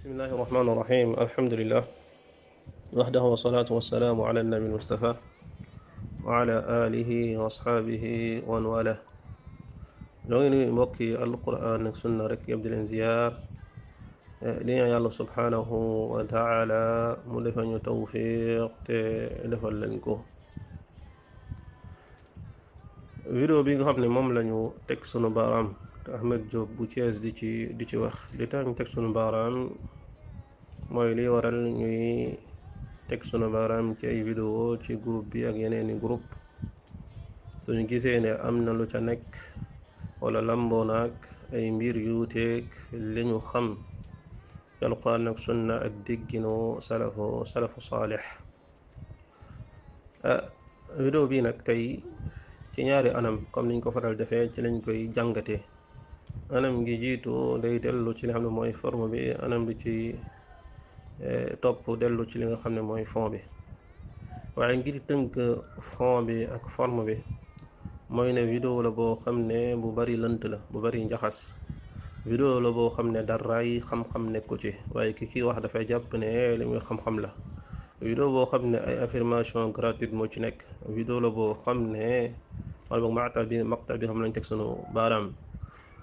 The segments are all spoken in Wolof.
بسم الله الرحمن الرحيم الحمد لله وحده والصلاة والسلام على النبي المصطفى وعلى آله وأصحابه ومن والاه لوين موكي القرآن سنة ركب الانزيار لين الله سبحانه وتعالى يتوفيق توفيق لفلنكو فيديو بيقى خامني مملا لا بارام Ahmed Diop bu Thiès di ci di ci wax li tax ñu teg sunu baaraam mooy li waral ñuy teg sunu baaraam ci ay vidéo ci groupe bi ak yeneeni groupe suñu gisee ne am na lu ca nekk wala lamboo naag ay mbir yu teeg li ñu xam ci alquran ak sunna ak dégginu salafu salafu saalix ah bi nag tey ci ñaari anam comme niñ ko faral defee ci lañ koy jàngatee anam ngi jiitu day dellu ci li nga xam ne mooy forme bi anam bi ci eh, topp dellu ci li nga xam ne mooy fond bi waaye ngir tënk fond bi ak form bi mooy ne vidéo la boo xam ne bu bari lënt la bu bari njaxas vidéo la boo xam ne daraay xam-xam nekku ci waaye ki kii wax dafay jàpp ne li muy xam-xam la vidéo boo xam ne ay affirmation gratuite moo ci nekk vidéo la boo xam ne wala boog maxta bi maxta bi xam lañ teg sunu baaraam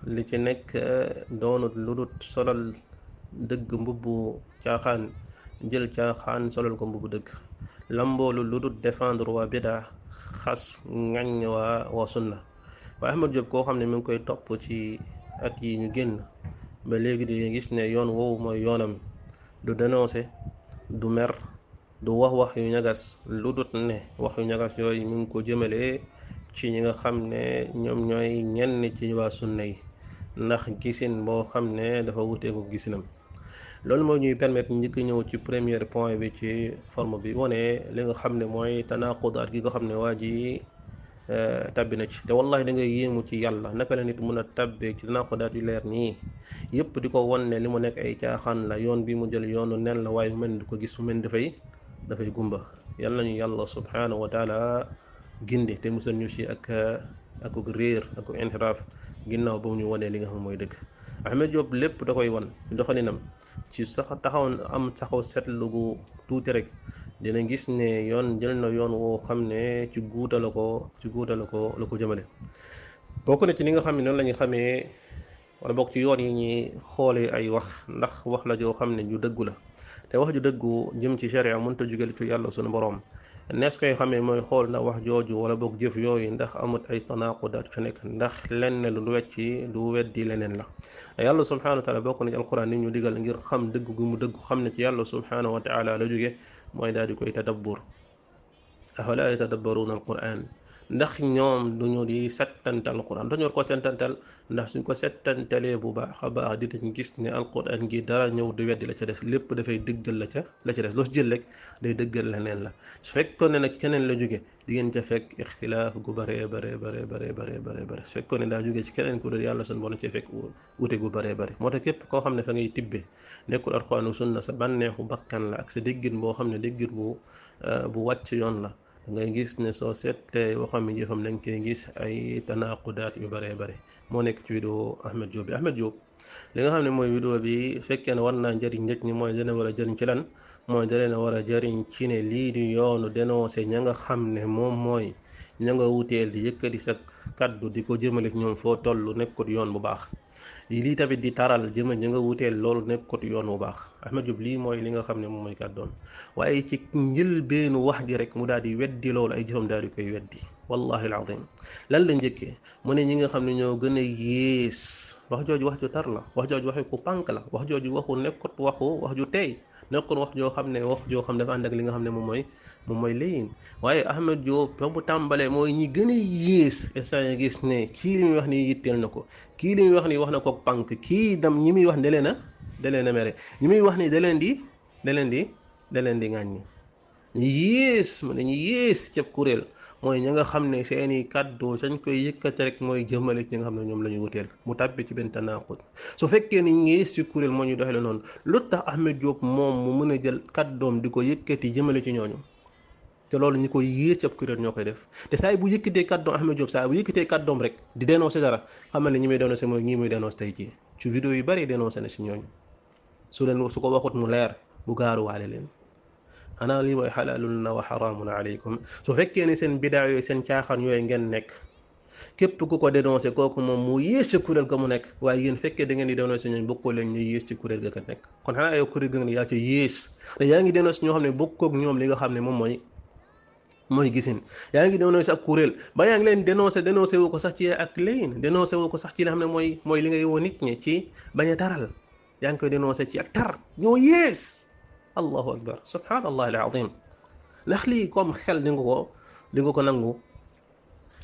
li ci nekk eh, doonut ludut solal dëgg mbubbu caaxaan jël ca caaxaan solal ko mbubbu dëgg lu ludut defendre waa bidaa xas ngañ waa waa sunna waa Ahmad Diop koo xam ne mu ngi koy topp ci at yi ñu génn ba léegi di gis ne yoon woowu mooy yoonam du dénoncé du mer du wax wax yu ñagas ludut ne wax yu ñagas yooyu mi ngi ko jëmale ci ñi nga xam ne ñoom ñooy ñenn ci waa sunna yi ndax gisin boo xam ne dafa wute wuteeku gisinam loolu moo ñuy permettre njëkk ñëw ci première point bi ci forme bi wane li nga xam ne mooy tanaqud at gi nga xam ne waa ji euh, tabbi na ci te wallahi da ngay yéemu ci yàlla naka la nit mun a tabbee ci tanaaqudaat yu leer nii yëpp di ko wan ne li mu nekk ay caaxaan la yoon bi mu jël yoonu nen la waaye mu mel di ko gis mu mel ni dafay dafay gumba yàlla nañu yàlla subhanahu wa taala ginde te musal ñu ci ak akuk réer ko inxiraaf ginnaaw ba mu ñu wanee li nga xam mooy dëgg Ahmed Diop lépp da koy wan doxalinam ci sax taxaw am saxaw seetlu gu tuuti rek dina gis ne yoon jël na yoon woo xam ne ci guuta la ko ci guuta ko lu ko jëmale bokk ne ci li nga xam ne noonu la xamee wala bokk ci yoon yi ñuy xoolee ay wax ndax wax la joo xam ne ñu dëggu la te wax ju dëggu jëm ci sharia mënta jógale ci yàlla sunu boroom nees koy xamee mooy xool na wax jooju wala boog jëf yooyu ndax amut ay tanaaqudaat fa nekk ndax lenn lu du wecci du weddi leneen la yàlla subhanahu wa taala bokk na ci alquran ni ñu digal ngir xam dëgg gu mu dëgg xam ne ci yàlla subhanahu wa taala la jóge mooy daal di koy tadabbur afala yatadabbaruuna alquran ndax ñoom du duñu di settantal alquran dañu war ko settantal ndax suñ ko settantalee bu baax a baax dinañ gis ne alquran gi dara ñëw di weddi la ca des lépp dafay dëggal la ca la ca des loo si jël rek day dëggal leneen la su fekkoon ne nag keneen la jóge di ngeen ca fekk ixtilaaf gu bëree bare bare bare bare bare bare su fekkoon ne daa jóge ci keneen ku dul yàlla suñ borom cee fekk wute gu bëree bëri moo tax képp koo xam ne fa ngay tibbee nekkul alquran sunna sa bànneexu bakkan la ak sa déggin xam ne déggin bu euh, bu wàcc yoon la ngay gis ne soo seetlee waxam yi jëfam dañ koy gis ay daat yu bëree bëri moo nekk ci vidéo Ahmed Diop bi Ahmed Diop li nga xam ne mooy vidéo bi fekkee ne war naa njëriñ nit ñi mooy dana war a jëriñ ci lan mooy dana war a jëriñ ci ne lii di yoonu dénoncé ña nga xam ne moom mooy ña nga wuteel di yëkkati sa kaddu di ko jëmale ñoom foo toll nekkut yoon bu baax lii tamit di taral jëma ñi nga wuteel loolu nekk kot yoon bu baax Ahmed Diop lii mooy li nga xam ne moom mooy kàddoon waaye ci njëlbeenu wax ji rek mu daal di weddi loolu ay jëfam daal di koy weddi wallahi alazim lan la njëkkee mu ne ñi nga xam ne ñoo gën a yées wax jooju wax ju tar la wax jooju waxu ku pànk la wax jooju waxu nekkut waxu wax ju tey nekkoon wax joo xam ne wax joo xam dafa ànd ak li nga xam ne moom mooy moom mooy léyin waaye Ahmed Diop fa mu tàmbalee mooy ñi gën a yées instant yi gis ne kii li muy wax nii yitteel na ko kii li muy wax nii wax na ko pànk kii dam ñi muy wax da leen a da leen a mere wax nii da leen di da leen di da leen di ŋàññi ñu ñi ma dañu yées cab kuréel mooy ñi nga xam ne seeni kàddu sañ koy yëkkati rek mooy jëmale ci nga xam ne ñoom la ñu wuteel mu tàbbi ci benn tanaaqut su fekkee ni ñu ci kuréel moo ñu doxale noonu lu tax Ahmed Diop moom mu mën a jël kàddoom di ko yëkkati jëmale ci ñooñu te loolu ñi ko yéer ci ab kuréel ñoo koy def te saa bu yëkkatee kàddoom Ahmed Diop saa bu yëkkatee kàddoom rek di dénoncé dara xamal ne ñi muy dénoncé mooy ñii muy dénoncé tey jii ci vidéo yu bari dénoncé na si ñooñu su leen su ko waxut mu leer bu gaaru gaaruwaale leen ana li mooy xalaalun na wa xaraamun alaykum su fekkee ne seen bidaa yooyu seen caaxaan yooyu ngeen nekk képp ku ko dénoncé kooku moom mu yées ci kuréel ga mu nekk waaye yéen fekkee da ngeen di dénoncé ñooñ bokkoo leen ñu yées ci kuréel ga ka nekk kon xanaa ay kuréel ga nga ne yaa ci yées te yaa ngi dénoncé ñoo xam ne bokkoog ñoom li nga xam ne moom mooy mooy gisin yaa ngi dénoncé ak kuréel ba yaa leen dénoncé dénoncé woo ko sax ci ak layin dénoncé woo ko sax ci li xam mooy mooy li nga woo nit ñi ci bañ a taral yaa ngi koy dénoncé ci ak tar ñoo yées allahu akbar subhanallah al azim ndax lii comme xel di nga ko nangu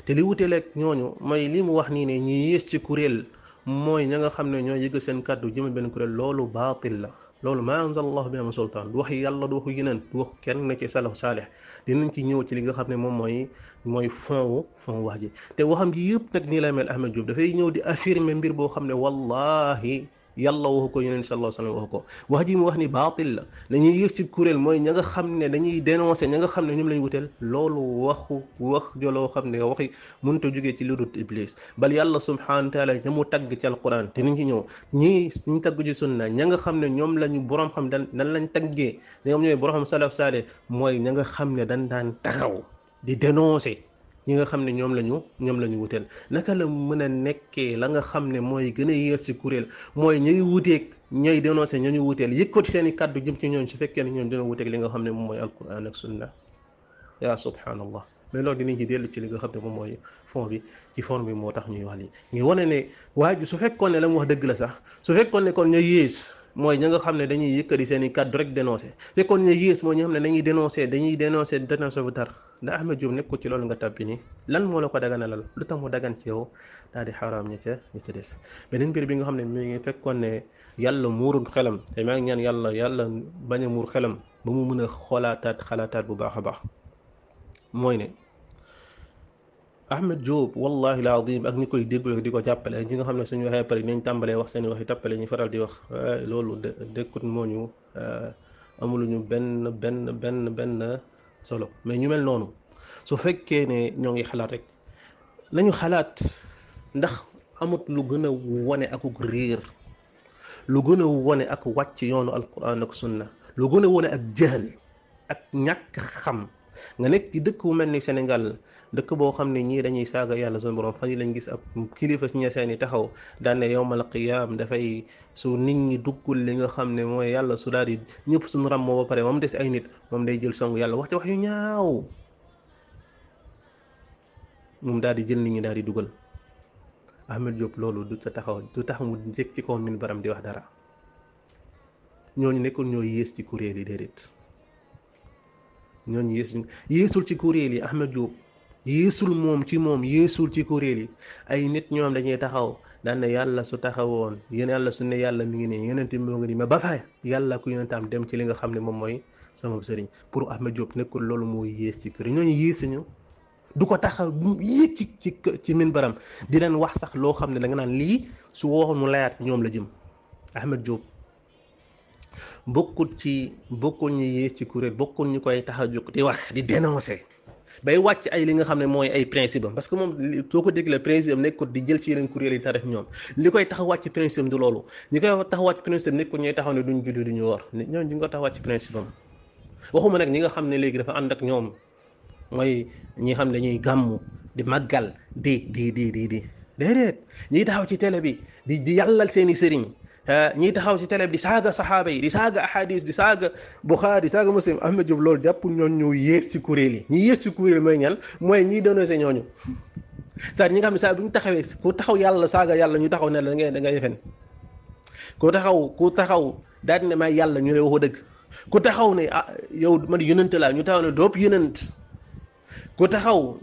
te li wuteleeg ñooñu mooy li mu wax nii ne ñi yées ci kuréel mooy ña nga xam ne ñoo yëg seen kàddu jëmal benn kuréel loolu baatil la loolu ma anzalallahu bi am sultaan du wax yàlla du waxu yeneen du wax kenn ci salaf saalih dinañ ci ñëw ci li nga xam ne moom mooy mooy fond wu fond wax ji te waxam ji yëpp nag nii lay mel Ahmed Diop dafay ñëw di affirmer mbir boo xam ne wallahi yàlla waxu ko yeneen sallallahu alayhi wasallam waxu ko wax ji mu wax ni baatil la dañuy yëg ci kuréel mooy ña nga xam ne dañuy dénoncer ña nga xam ne ñoom lañ wuteel loolu waxu wax joloo xam ne waxi mënut a ci lu iblis bal yàlla subhanahu wa taala ña mu ci alquran te niñ ci ñëw ñii ñu tagg ci sunna ña nga xam lañu borom xam dan nan lañ taggee ñoom ñooy borom salaf saale mooy ña nga xam dañ taxaw di dénoncer ñi nga xam ne ñoom la ñu ñoom la ñu wuteel naka la mën a nekkee la nga xam ne mooy gën a yéer ci kuréel mooy ñuy wuteeg ñooy dénoncé ñooñu wuteel yëkkati seen i kàddu jëm ci ñoom su fekkee ne ñoom dina li nga xam ne moom mooy alquran ak sunna yaa subhanallah mais loolu dinañ ci dellu ci li nga xam ne moom mooy fond bi ci bi moo tax ñuy wax lii ngi wane ne waa ji su fekkoon ne la mu wax dëgg la sax su fekkoon ne kon ñooy yées mooy ña nga xam ne dañuy yëkkati seen i kàddu rek dénoncé fekkoon ñooy yées mooy ñi nga xam ne dañuy dénoncé dañuy dénoncé dénoncé bu tar ndax Ahmed Diop nekkul ci loolu nga tàbbi nii lan moo la ko daganalal lu tax mu dagan ci yow daal di xaraam ña ca ña ca des beneen mbir bi nga xam ne mi ngi fekkoon ne yàlla muurul xelam te maa ngi ñaan yàlla yàlla bañ a muur xelam ba mu mën a xoolaataat xalaataat bu baax a baax mooy ne Ahmed Diop wallahi la azim ak ñi koy déglu di ko jàppale ak ñi nga xam ne suñu waxee pare nañ tàmbalee wax seen i wax yi tàppale ñu faral di wax loolu dëkkut moo ñu euh, amuluñu benn benn benn benn. solo mais ñu mel noonu su fekkee ne ñoo ngi xalaat rek nañu xalaat ndax amut lu gën a wone akuk riir lu gën a wone ak wàcc yoonu alquran ak sunna lu gën a wone ak jëhal ak ñàkk xam nga nekk ci dëkk mel ni Sénégal dëkk boo xam ne ñii dañuy saaga yàlla suñu borom fan yi lañ gis ab kilifa ci ñaseen yi taxaw yow ma yowmal qiyaam dafay su nit ñi duggul li nga xam ne mooy yàlla su daal di ñëpp suñu ram pare moom des ay nit moom day jël song yàlla wax ci wax yu ñaaw jël nit ñi daal di dugal Ahmed Diop loolu du taxaw du tax mu njëkk ci kaw min baram di wax dara ñooñu nekkul ñoo yées ci kuréel yi déedéet ñooñu yéesul ci kuréel yi Ahmed Diop. yéesul moom ci moom yéesul ci kuréel yi ay nit ñoom dañuy taxaw daan na yàlla su taxawoon yéen yàlla su ne yàlla mi ngi ne yonente moo ngi ni ma ba fay yàlla ku tam dem ci li nga xam ne moom mooy sama sëriñ pour Ahmed Diop nekkul loolu mooy yées ci kuréel ñooñu yéesuñu du ko taxaw ci ci ci min di leen wax sax loo xam ne danga naan lii su waxoon mu layaat ñoom la jëm Ahmed Diop bokkul ci bokkul ñu yées ci kuréel bokkul ñu koy tax a jóg di wax di dénoncer. bay wàcc ay li nga xam ne mooy ay principe parce que moom soo ko déglee principe am nekk ko di jël ci yeneen kuréel yi tarif ñoom li koy tax wàcc principe am du loolu ñi koy tax wàcc principe am nekk ko ñooy taxaw ne duñ julli duñu woor ñoom ñu ngi ko tax wàcc nag ñi nga xam ne léegi dafa ànd ak ñoom mooy ñi xam ne dañuy gàmmu di màggal di di di di di déedéet ñiy taxaw ci tele bi di di yàllal seeni sëriñ ñiita xaw si télé bi di saaga saxaaba yi di saaga ahadis di saaga buxaari di saaga muslim am jub loolu jàpp ñoon ñu yées ci kuréel yi ñi yées ci kuréel mooy ñan mooy ñiy dénoncé ñooñu cest ñi nga xam ne saa bu ñu taxawee ku taxaw yàlla saaga yàlla ñu taxaw ne la ngay da ngay defen ku taxaw ku taxaw daal ne may yàlla ñu ne waxu dëgg ku taxaw ne ah yow man yonent laa ñu taxaw ne doob yonent ku taxaw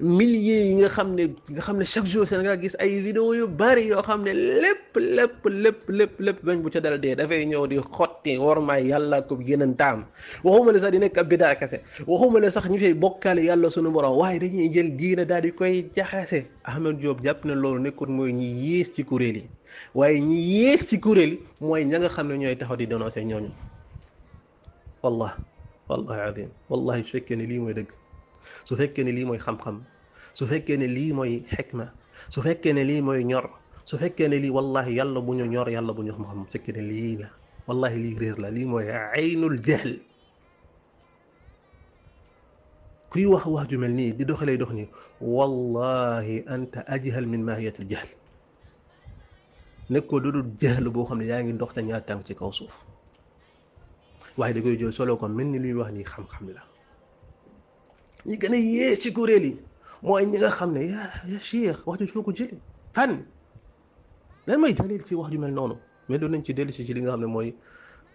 milliers yi nga xam ne nga xam ne chaque jour Sénégal gis ay vidéo yu bari yoo xam ne lépp lépp lépp lépp lépp bañ bu ca dara dee dafay ñëw di xotti wormaay yàlla ko gënan taam waxuma ne sax di nekk ab bidaa kese waxuma ne sax ñu fay bokkaale yàlla sunu borom waaye dañuy jël diina daal di koy jaxase Ahmed Diop jàpp na loolu nekkut mooy ñi yées ci kuréel yi waaye ñi yées ci kuréel mooy ña nga xam ne ñooy taxaw di dénoncé ñooñu wallah wallahi adim wallahi su fekkee ne lii mooy dëgg su fekkee ne lii mooy xam-xam su fekkee ne lii mooy xikma su fekkee ne lii mooy ñor su fekkee ne lii wallahi yàlla bu ñu ñor yàlla bu ñu xam-xam su fekkee ne lii la wallahi lii réer la lii mooy aynul jahl kuy wax wax ju mel nii di doxalee dox ni wallahi anta ajhal min mahiyatil jahl ko dudul jahl boo xam ne yaa ngi dox sa ñaar tànk ci kaw suuf waaye da koy jël solo ko mel ni luy wax nii xam-xam la ñi gën a yee ci kuréel yi mooy ñi nga xam ne ya ya cheikh wax jooju foo ko jëlee fan lan may dalil ci wax ju mel noonu mais doon nañ ci dellu si ci li nga xam ne mooy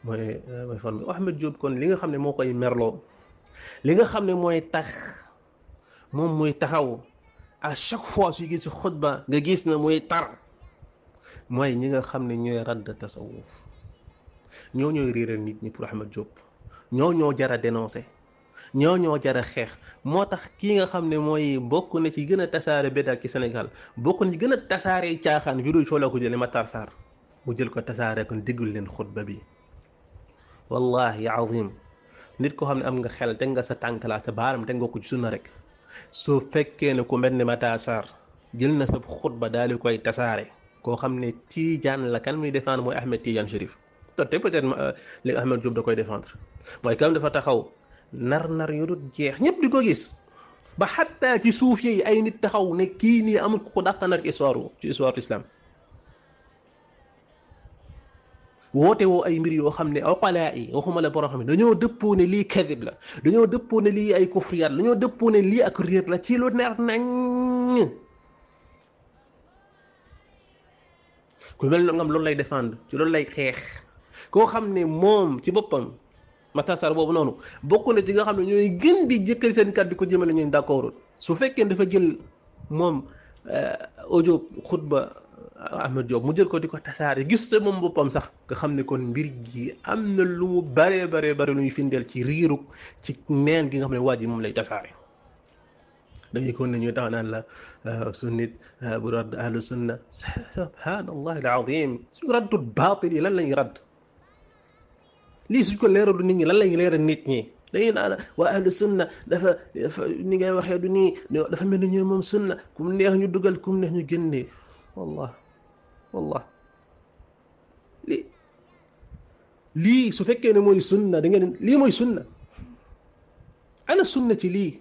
mooy mooy fan Ahmed Diop kon li nga xam ne moo koy merloo li nga xam ne mooy tax moom muy taxaw à chaque fois suy gis xutba nga gis na muy tar mooy ñi nga xam ne ñooy radd tasawuf ñoo ñooy réeral nit ñi pour Ahmed Diop ñoo ñoo jar a dénoncé ñoo ñoo jar a xeex moo tax kii nga xam ne mooy bokk na ci gën a tasaare bid'a ci Sénégal bokk na ci gën a tasaare caaxaan juru dul cooloo ko jëlee ma Sarr mu jël ko tasaare kon déggul leen xutba bi wallahi azim nit xam ne am nga xel teg nga sa tànk baaram teg ko ci sunna rek soo fekkee ne ku mel ne Matar Sarr na sa xutba daal koy tasaare koo xam ne Tidiane la kan muy défendre mooy Ahmed Tidiane Chérif te peut-être euh, li Ahmed Diop da koy défendre mooy kam dafa taxaw. nar-nar yu dul jeex ñépp di ko gis ba xatta ci suuf yi ay nit taxaw ne kii nii amul ku ko dàqanar ci histoire ci histoire islam woote woo ay mbir yoo xam ne oqalaa yi waxuma la borom xam ne dañoo dëppoo ne lii kadib la dañoo dëppoo ne lii ay kufriyaat la dañoo dëppoo ne lii ak réer la ci lu ner nañ ku mel ne loolu lay défendre ci loolu lay xeex koo xam ne moom ci boppam Matasar boobu noonu bokk na ci nga xam ne ñooy gën di jëkkali seen kàddu di ko jëmale ñooñu d'accord su fekkee dafa jël moom euh, audio xutba euh, Ahmed Diop mu jël ko di ko tasaare gis te moom boppam sax nga xam ne kon mbir gi am na lu mu baree bare bare lu ñuy findeel ci riirug ci neen gi nga xam ne waa ji moom lay tasaare da ngay kon ne ñuy tax naan la euh, sunnit bu radd ahlu sunna subhanallah al azim suñu yi lan lañuy radd lii suñ ko leeralu nit ñi lan lañu leeral nit ñi dañuy naan waa ahlu sunna dafa ni ngay waxee du nii mel ni ñoom moom sunna kum neex ñu dugal kum neex ñu génnee wallah wallah lii su fekkee ne mooy sunna da ngeen lii mooy sunna ana sunna lii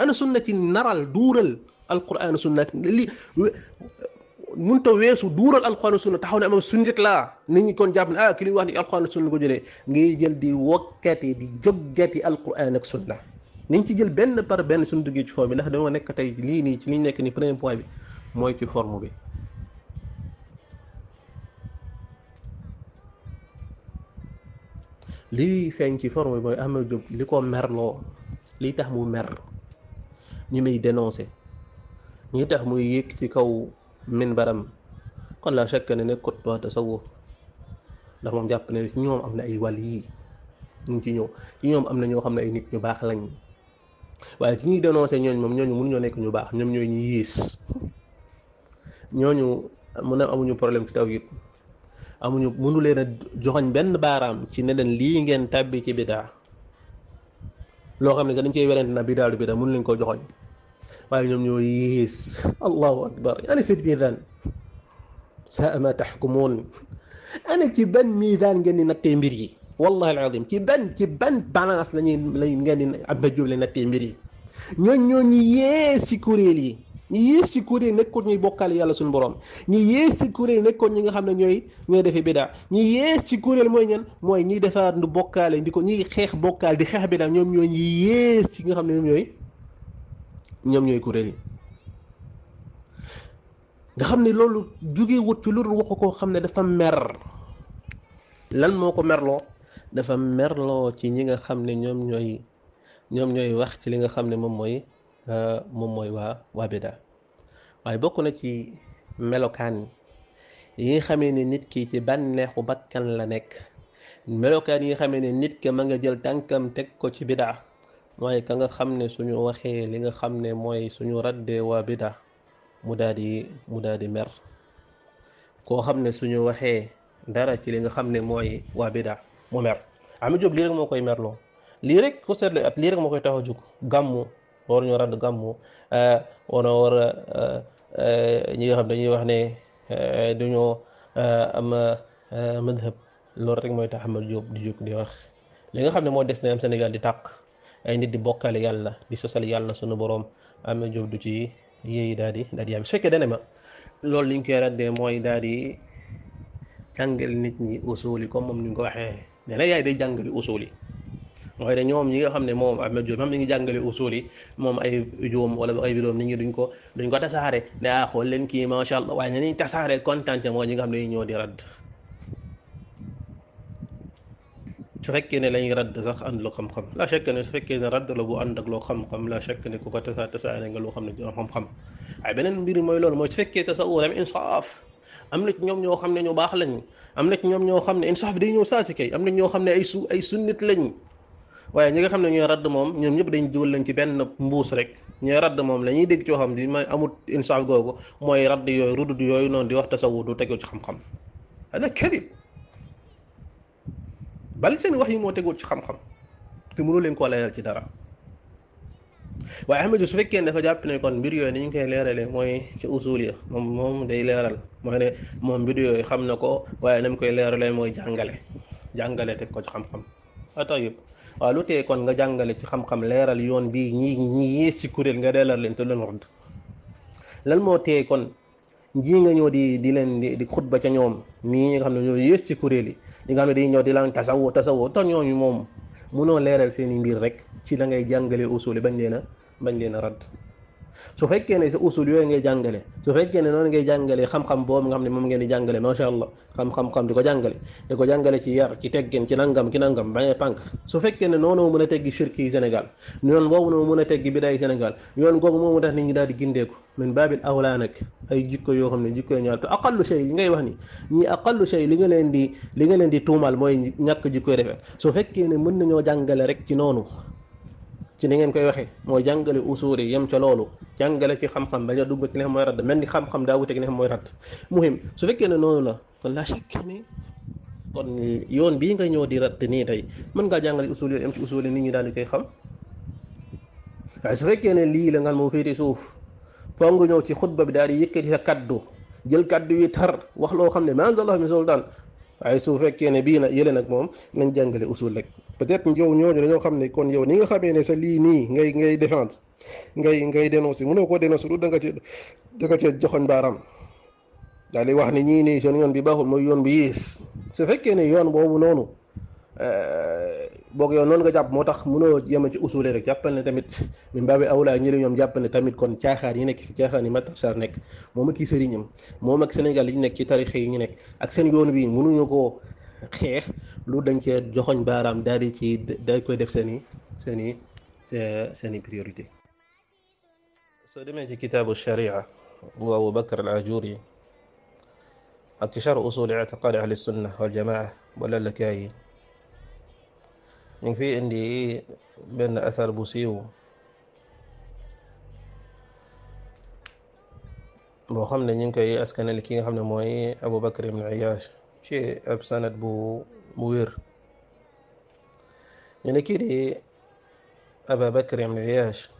ana sunna ci naral duural alquran sunna lii munta wessu dural alquran sunna taxaw ne amam sunjit laa nit ñi kon jàpp ne ah ki li wax ni alquran sunna ko jëlé ngay jël di wokkati di joggati alquran ak sunna niñ ci jël ben par ben sunna duggé ci forme bi ndax dama nekk tay li ni ci liñ nekk ni premier point bi moy ci forme bi li feeñ ci forme bi mooy Ahmed Diop li ko merloo li tax mu mer ñu may dénoncer ñi tax muy yek ci kaw baram kon la chaque ne nekkut waa tasawuf ndax moom jàpp ne ci ñoom am na ay wàll yi ñu ngi ci ñëw ci ñoom am na ñoo xam ne ay nit ñu baax lañ waaye ci ñuy dénoncé ñooñ moom ñooñu munuñoo nekk ñu baax ñoom ñooy ñu yées ñooñu mun a amuñu problème ci tawhid amuñu mënu leen a joxoñ benn baaraam ci ne leen lii ngeen tàbbi ci bidaa loo xam ne sax dañ cey werante na bidaa du bidaa mënu leen koo joxoñ waaye ñoom ñoo yées allahu akbar ana seen miisaan saa ma taxkumuun ana ci ban miisaan ngeen di nattee mbir yi wallahi alazim ci ban ci ban balance lañuy lay ngeen di Abba Diop la nattee mbir yi ñooñ ñoo ñu yées ci kuréel yi ñi yées ci kuréel nekkoon ñuy bokkaale yàlla suñ borom ñi yées ci kuréel nekkoon ñi nga xam ne ñooy ñooy defee bidaa ñi yées ci kuréel mooy ñan mooy ñiy defaat nu bokkaale di ko ñiy xeex bokkaale di xeex bidaa ñoom ñoo ñu yées ci nga xam ne ñoom ñooy ñoom ñooy kuréel yi nga xam ne loolu jóge wut ci lu wax koo xam ne dafa mer lan moo ko merloo dafa merloo ci ñi nga xam ne ñoom ñooy ñoom ñooy wax ci li nga xam ne moom mooy euh, moom mooy waa waa bida waaye bokk na ci melokaan yi nga xamee ne nit ki ci bànneexu bakkan la nekk melokaan yi nga xamee ne nit ki ma nga jël tànkam teg ko ci bidaa mooy ka nga xam ne suñu waxee li nga xam ne mooy suñu raddee waa bida mu daal di mu daal di mer koo xam ne suñu waxee dara ci li nga xam ne mooy waa bida mu mer Ameth Diop moo koy merloo lii rek ku seetle at lii rek moo koy tax a jug gàmmu war ñu gàmmu wana nga xam dañuy wax ne duñoo am madhab loolu rek mooy tax Ameth Diop di jóg di wax li nga xam ne moo des na am Sénégal di tàq ay nit di bokkale yàlla di sosal yàlla sunu boroom Ameth Diop du ci yéeyi daal di daal di am su ma loolu liñ koy raddee mooy daal di jàngal nit ñi usul yi comme moom ni ñu ko waxee ne yaay day jàngale usul yi mooy ne ñoom ñi nga xam ne moom Ameth Diop moom ni ngi jàngale usul yi moom ay juum wala ay vidéom nit ñi duñ ko duñ ko tasaare ne a ah, xool leen kii macha allah waaye ne niñ tasaare kontaan moo ñi nga xam ne ñoo di radd su fekkee ne lañuy radd sax ànd la xam-xam la chekk ne su fekkee ne radd la bu ànd ak loo xam-xam la chekk ne ku ko tasa tasaare nga loo xam ne jox xam-xam waaye mooy loolu mooy su fekkee tasawur am ñoom ñoo xam ne ñu baax lañ am na ñoom ñoo xam ne insaaf bi day ñëw saa si kay am na ñoo xam ne ay su ay sunnit lañ waaye ñi nga xam ne ñooy radd moom ñoom ñëpp dañ dugal lañ ci benn mbuus rek ñooy radd moom la ñuy dégg coo xam ne ma amut insaaf googu mooy radd yooyu rudd yooyu noonu di wax tasawur du tegoo ci xam-xam ada bal seen wax yi moo teguwul ci xam-xam te mënu leen koo leeral ci dara waaye Ahmadu su fekkee dafa jàpp ne kon mbir yooyu ni ñu koy leeralee mooy ci usul moom moom day leeral mooy ne moom mbir yooyu xam na ko waaye na koy leerale mooy jàngale jàngale teg ko ci xam-xam ata yëpp waaw lu tee kon nga jàngale ci xam-xam leeral yoon bii ñi ñi yées ci kuréel nga leeral leen te leen rodd lan moo tee kon njii nga ñëw di di leen di xutba ca ñoom mii nga xam ne ñoo yées ci kuréel yi ñi nga xam ne dañuy ñëw di laan tasawoo tasawoo te ñooñu moom mënoo leeral seen i mbir rek ci la ngay jàngalee usuli bañ leen a bañ leen a radd su fekkee ne sa usul yooyu ngay jàngale su fekkee ne noonu ngay jàngale xam-xam boobu nga ne moom ngeen di jàngale macha allah xam-xam-xam di ko jàngale di ko jàngale ci yar ci teggin ci nangam ci nangam bañee pànk su fekkee ne noonu mën a teggi shirki yi Sénégal yoon boobu noonu mën a teggi bidaa yi Sénégal yoon googu moomu tax nit ñi daal di gindeeku min baabil awlaa nag ay jikko yoo xam ne jikko ñaar te aqallu shay li ngay wax ni ñii aqallu shay li nga leen di li nga leen di tuumal mooy ñàkk jikkoy defee su fekkee ne mën nañoo jàngale rek ci noonu ci ni ngeen koy waxee mooy jàngale usuuri yem ca loolu jàngale ci xam-xam bañ a dugg ci li xam mooy radd mel ni xam-xam daa wuteeg li xam mooy radd muhim su fekkee ne noonu la kon la chaque ne kon yoon bii nga ñëw di radd nii tey mën ngaa jàngale usuul yooyu yem ci usuul nit ñi daal di koy xam waaye su fekkee ne lii la ngan moo féete suuf foo nga ñëw ci xutba bi daal di yëkkati sa kaddu jël kaddu yi tar wax loo xam ne ma anzala min sultaan ay su fekkee ne bii nag yële nag moom nañ jàngale usul rek peut-être yow ñooñu dañoo xam ne kon yow ni nga xamee ne sa lii nii ngay ngay défendre ngay ngay dénoncer mënoo koo dénoncer du da nga ci da nga ci joxoñ baaraam daal di wax ni ñii nii seen yoon bi baaxul mooy yoon bi yées su fekkee ne yoon boobu noonu euh, boog yoon noonu nga jàpp moo tax munoo yema ci usule rek jàppal ne tamit min baabi awlaa ñi la ñoom jàpp ne tamit kon caaxaan yi nekk fi caaxaan yi Matar Sarr nekk moom ak i sëriñam moom Sénégal yi nekk ci tarixe yi ñu nekk ak seen yoon bi mënuñu koo xeex lu dañ cee joxoñ baaraam daal di ci daal koy def seen i seen i seen i priorité soo demee ci kitaabu sharia bu Abu Bakar al Ajuri ak ci char usuli itiqaadi ahli sunna waljamaa wala la kaa yi في عندي بين اثر بوسيو بو خمنا نينكاي اسكن لي كيغا خمنا موي ابو بكر بن عياش شي اب سند بو موير يعني كيدي ابا بكر بن عياش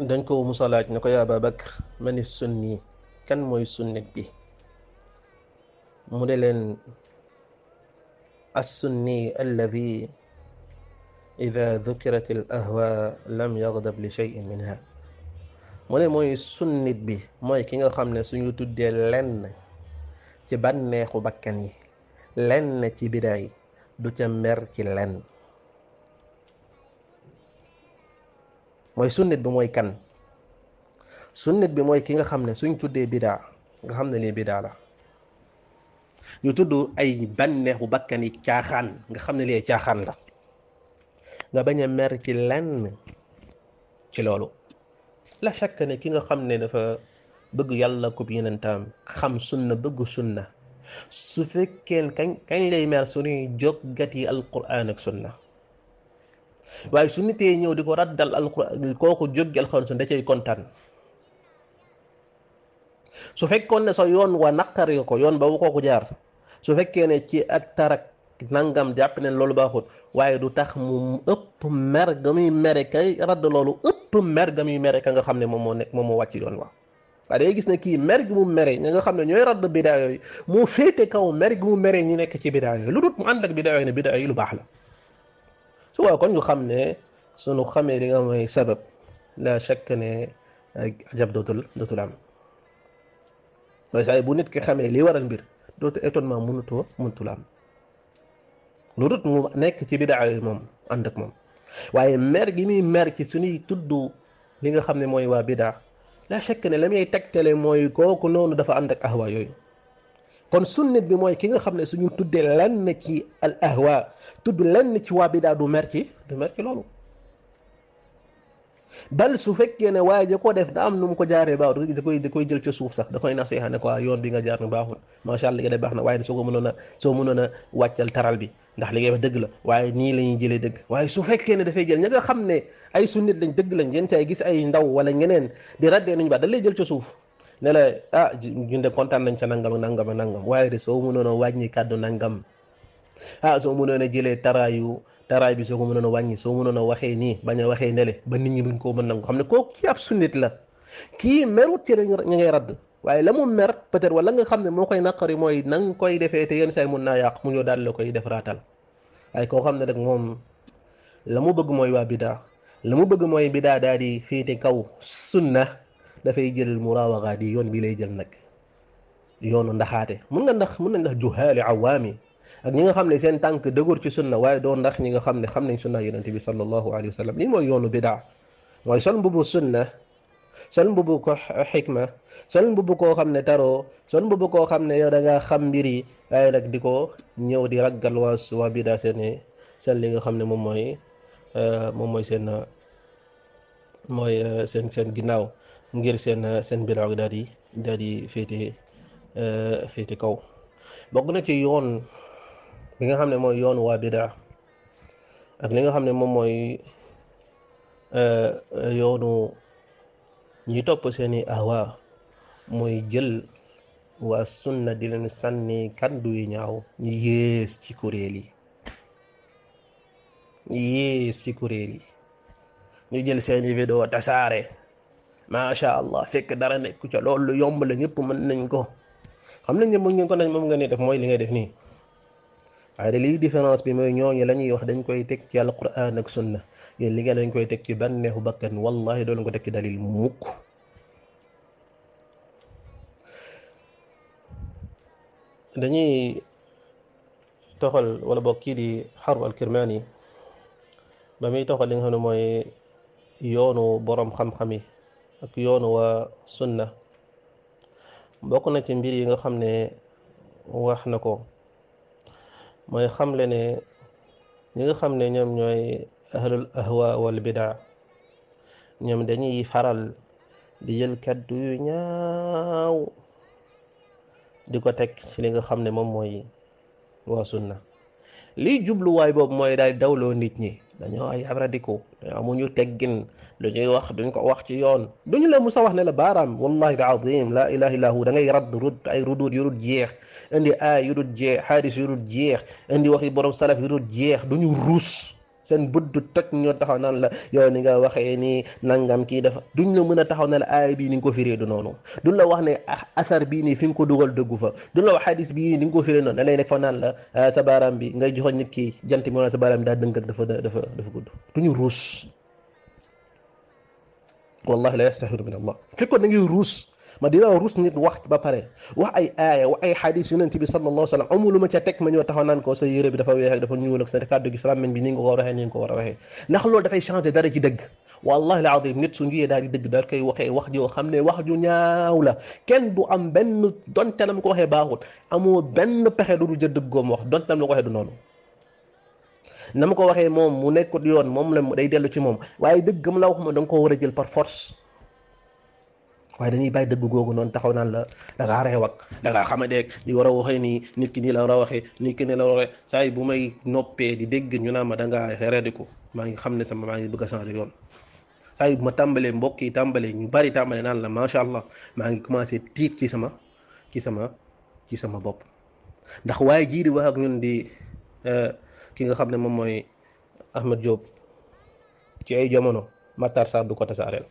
دنكو مصالات نكو يا بكر من السني كان موي سنك بيه mu ne leen assunni alladi ida dukirat al ahwa lam yaghdab li shay'in minha mu ne mooy sunnit bi mooy ki nga xam ne suñu tuddee lenn ci bànneexu bakkan yi lenn ci bidaa yi du ca mer ci lenn mooy sunnit bi mooy kan sunnit bi mooy ki nga xam ne suñ tuddee bidaa nga xam ne lii bidaa la ñu tudd ay bakkan bakkani caaxaan nga xam ne lee caaxaan la nga bañ a mer ci lenn ci loolu la chaque ne ki nga xam ne dafa bëgg yàlla ko yenentaam xam sunna bëgg sunna su fekkee kañ kañ lay mer suñuy joggat yi alquran ak sunna waaye su nitee ñëw di ko raddal alquran kooku jóggi alquran sunna da cay kontaan su fekkoon ne sa yoon wa naqari ko yoon ba bu ko jaar su fekkee ne ci ak tarak nangam jàpp ne loolu baaxut waaye du tax mu ëpp mer ga muy mere kay radd loolu ëpp mer ga muy mere ka nga xam ne moom moo nekk moom moo wàcc yoon wa waaye day gis ne kii mer gi mu mere ñi nga xam ne ñooy radd bidaa yooyu moo féete kaw mer gi mu mere ñu nekk ci bidaa yooyu lu dut mu ànd ak bidaa yooyu ne bidaa yi lu baax la su waaw kon ñu xam ne su nu xamee li nga mooy sabab la shakk ne ajab dootul dootul am mooy saa bu nit ki xamee li waral mbir dootu étonnement mënutoo mënutu la am lu dut mu nekk ci bidaa yooyu moom ànd ak moom waaye mer gi muy mer ci suñuy tudd li nga xam ne mooy waa bidaa la xekk ne la muy tegtale mooy kooku noonu dafa ànd ak ahwa yooyu kon sunnit bi mooy ki nga xam ne suñu tuddee lenn ci al ahwa tudd lenn ci waa bidaa du mer ci du mer ci loolu bal su fekkee ne waaye ja ko def da am nu mu ko jaaree baaxut da koy da koy jël ca suuf sax da koy nasiha ne quoi yoon bi nga jaar mi baaxul macha allah liggéey baax na waaye a soo mënoon a wàccal taral bi ndax li ngay wax dëgg la waaye nii la ñuy jëlee dëgg waaye su fekkee ne dafay jël ña xam ne ay sunnit lañ dëgg lañ yéen caay gis ay ndaw wala ñeneen di raddee nuñu baax da jël ca suuf ne la ah ñun de kontaan nañ ca nangam nangam nangam waaye de soo mënoon a wàññi kàddu nangam ah soo mënoon a jëlee taraayu taraay bi soo ko mënoon a wàññi soo mënoon a waxee nii bañ waxee nele ba nit ñi duñ koo mën nangu xam ne kooku kii ab sunnit la kii merut ci ñu ngay radd waaye la mu mer peut-être wala nga xam ne moo koy naqari mooy nan koy defee te yenn saay mun naa yàq mu ñëw daal la koy def raatal waaye koo xam ne nag moom la mu bëgg mooy waa bidaa la mu bëgg mooy bidaa daal di féete kaw sunna dafay jël muraawaxaa di yoon bii lay jël nag yoonu ndaxaate mun nga ndax mun na ndax juhaali awaami ak ñi nga xam ne seen tànk dëgër ci sunna waaye doo ndax ñi nga xam ne xam nañ sunna yonent bi sallallahu alayhi wa sallam lii mooy yoonu bidaa mooy sol mbubu sunna sol mbubu ko xikma sol koo xam ne taroo sol mbubu koo xam ne danga xam mbir yi waaye nag di ko ñëw di raggal waa waa bidaa seeni seen li nga xam ne moom mooy euh, moom mooy seen euh, seen seen ginnaaw ngir seen seen bidaa daal di daal di féete euh, féete kaw bokk na ci yoon li nga xam ne mooy yoonu waa bidaa ak li nga xam ne moom mooy euh, yoonu ñi topp seeni awa mooy jël waa sunna di leen sanni kàddu yu ñaaw ñu yées ci kuréel yi ñu yées ci kuréel yi ñu jël seeni vidéo tasaare macha allah fekk dara nekku ca loolu yomb la ñëpp mën nañ ko xam nañ ne mu ngeen ko nañ moom nga ni def mooy li ngay def nii waaye de liy différence bi mooy ñooñu la ñuy wax dañ koy teg ci alquran ak sunna yéen li ngeen dañ koy teg ci bànneexu bakkan wallahi doo leen ko teg dalil mukk dañuy toxal wala boog kii di xarb alkirmaani ba muy toxal li nga xam ne mooy yoonu boroom xam-xam yi ak yoonu waa sunna bokk na ci mbir yi nga xam ne wax na ko mooy xamle ne ñi nga xam ne ñoom ñooy ahlul ahwa wal bidaa ñoom dañuy faral di jël kaddu yu ñaaw di ko teg ci li nga xam ne moom mooy waa sunna lii jubluwaay boobu mooy daal dawloo nit ñi dañoo ay abradiku amuñu teggin lu ñuy ko wax ci yoon duñ la musa wax na la baaraam wallahi alazim la ilaha illa hu ngay radd rud ay ruduud yu dul jeex indi aay yu dul jeex xaadis yu dul jeex indi waxi borom salaf yu dul jeex duñu ruus seen bëdd toj ñoo taxaw naan la yow ni nga waxee nii nangam kii dafa duñ la mën a taxaw ne la aaya bii ni nga ko firee du noonu duñ la wax ne ah, asar bii nii fi nga ko dugal dëggu fa duñ la wax xadis bii ni nga ko firee noonu da lay nekk fa ah, naan sa baaraam bi ngay joxoon nit ki jant bi sa baaraam bi daa dënkal dafa dafa dafa gudd duñu والله لا يستحر من الله فيكو نجي روس ما دينا روس نيت وقت بابارة وعي آية وعي حديث ينن تبي صلى الله عليه وسلم عمو لما تتك من يو تهانان كو سيير بدفا ويها دفا نيو لك سنة كادو جفرام من بنين كو غورها نين كو غورها نخلو دفا يشانت داري جدق والله العظيم نيت سنجي داري دق دار كي وخي وخدي وخمني وخدي نياولا كن دو أم بن دون تنم كو هي باغوت أمو بن بخي دو جدق قوم وخ دون تنم كو هي دو نونو na ma ko waxee moom mu nekkut yoon moom la day dellu ci moom waaye dëggam la wax ma da nga koo war a jël par force waaye dañuy bàyyi noonu taxaw naan la da ngaa reew ak da ngaa di war a waxee nii nit ki nii la war a waxee nit ki nii la war a waxee saa yi bu may noppee di dégg ñu naan ma da ngaa reediku maa ngi xam ne sama maa ngi bëgg a changer yoon saa yi bu ma tàmbalee mbokk yi tàmbalee ñu bari tàmbalee naan la macha allah maa ngi commencé tiit ci sama ci sama ci sama bopp ki nga xamne mom moy Ahmed job ci ay jamono Matar sa du ko tasaareel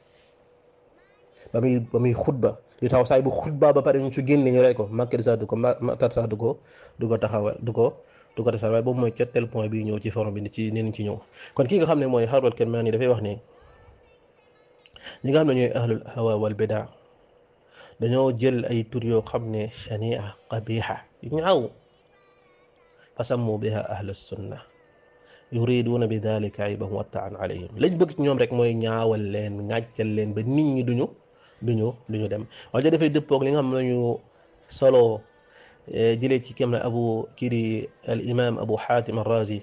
bamuy bamuy khutba li taw say bu khutba ba pare ñu ci génne ñu ray ko Matar sa du ko Matar sa du ko du ko taxawal du ko du ko tasaareel bo moy ci tel point bi ñëw ci forum bi ci neen ci ñëw kon ki nga xam ne mooy Harold da fay wax ni ñi nga xam ñoy ahlul hawa wal bid'a dañoo jël ay tur yoo xam ne shania qabiha yu ñaaw فسموا بها أهل السنة يريدون بذلك عيبا والتعن عليهم لج بك نيوم رك موي نياوال لين نياجال لين با نيت ني دونو دونو دونو ديم وجا دافاي ديبوك ليغا خام نيو سولو جيلي سي كيم ابو كيري الامام ابو حاتم الرازي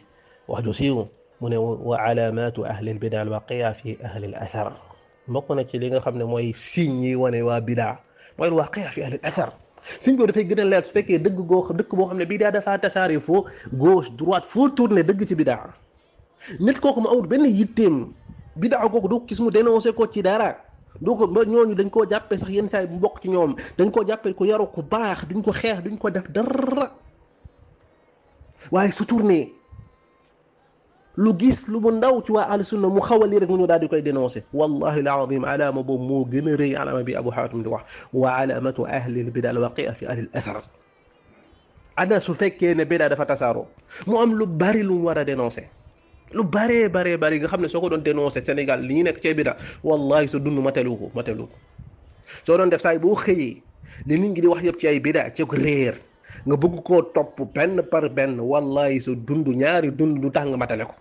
وحدثيو من وعلامات اهل البدع الواقعه في اهل الاثر مكو نتي ليغا خام موي سيني واني وا بدع موي الواقعه في اهل الاثر suñ ko dafay gën a leer su fekkee dëgg goo dëkk boo xam ne daa dafa tasaare foo gauche droite foo tourné dëgg ci bidaa nit kooku mu amul benn yitteem bidaa kooku doo ko gis mu dénoncé koo ci dara doo ko ba ñooñu dañ koo jàppee sax yenn saa yi mbokk ci ñoom dañ koo jàppee ku yaru ku baax duñ ko xeex duñ ko def dara waaye su tourné lu gis lu mu ndaw ci wa al sunna mu xawali rek mu ñu daal di koy dénoncer wallahi al azim alaama boobu mo gëna reey rëy bi abu hatim di wax wa alaamatu ahli al bidal waqia fi ahli l athar ana su fekke ne bida dafa tasaro mu am lu bari lu wara dénoncer lu bare bare bare nga xamne soko don dénoncer Sénégal li ñi nek ci bida wallahi su dund matelu ko matelu don def say bu xëyee ni nit ngi di wax yëpp ci ay bida ci réer nga bëgg koo topp benn par benn wallahi sa dund ñaari dund du tax nga matale ko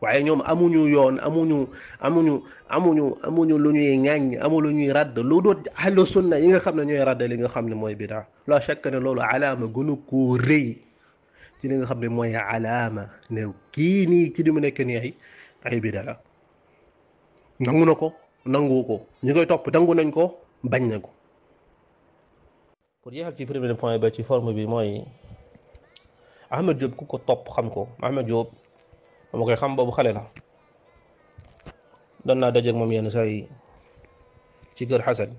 waaye ñoom amuñu yoon amuñu amuñu amuñu amuñu lu ñuy ŋàññ amu ñuy radd lu doot ahlu sunna yi nga xam ne ñooy radd li nga xam ne mooy bidaa la shakk ne loolu alaama gënu koo rëy ci li nga xam ne mooy alaama ne kii nii mu nekk nii ay ay bidaa la nangu na ko nangu ko ñu koy topp dangu nañ ko bañ na ko pour jeexal ci premier point ci forme bi mooy Ahmed Diop ku ko topp xam ko Ahmed Diop dama koy xam boobu xale la doon naa dajeeg moom yenn saa ci kër Xasan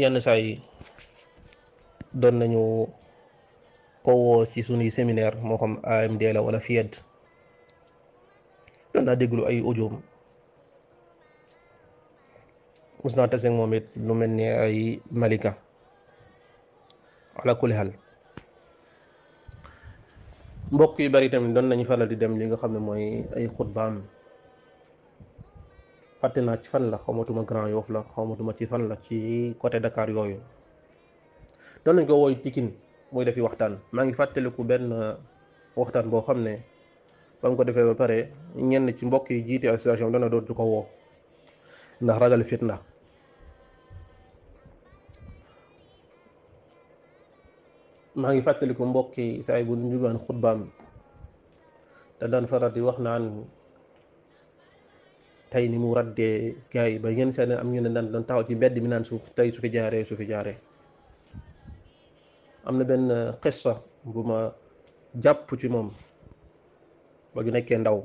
yenn saa doon nañu ko woo ci sunuy séminaire moo xam AMD la wala FIED doon naa déglu ay audiom mus naa taseeg moom it lu mel ni ay Malika ala kulli hal mbokk yu bari tamit doon nañu faral di dem li nga xam ne mooy ay xutbaam fàtte naa ci fan la xawmatuma Grand Yoff la xawmatuma ci fan la ci côté Dakar yooyu doon nañ ko wooyu tikin muy defi waxtaan maa ngi fàttaliku benn waxtaan boo xam ne ba mu ko defee ba pare ñenn ci mbokk yi jiite association dana doon du ko woo ndax ragal na maa ngi fàttaliku mbokki saa yi bu ñu jugaan xutbaam te daan faral di wax naan tey ni mu raddee gars yi ba yenn saa am ñu ne daan daan taxaw ci mbedd mi naan suuf tey su fi jaaree su fi jaaree am na benn xissa bu ma jàpp ci moom ba ñu nekkee ndaw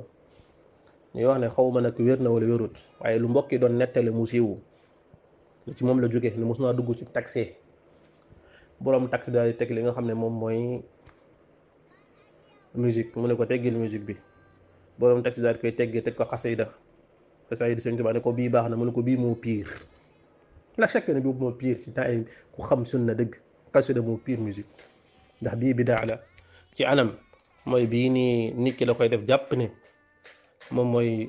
ñuy wax ne xaw ma nag wér na wala wérut waaye lu mbokki doon nettale mu siiwu ci moom la jóge ne mos naa dugg ci taksee borom taxi daal di tek li nga xamne mom moy musique mu ne ko teggil musique bi borom taxi daal koy tegge tek ko xasida xasida seigne touba ne ko bi baax na mu ne ko bi mo pire la chaque ne bi mo pire ci tay ku xam sunna dëgg xasida mo pire musique ndax bi bidaa la ci anam moy bi ni nit ki la koy def jàpp ne mom moy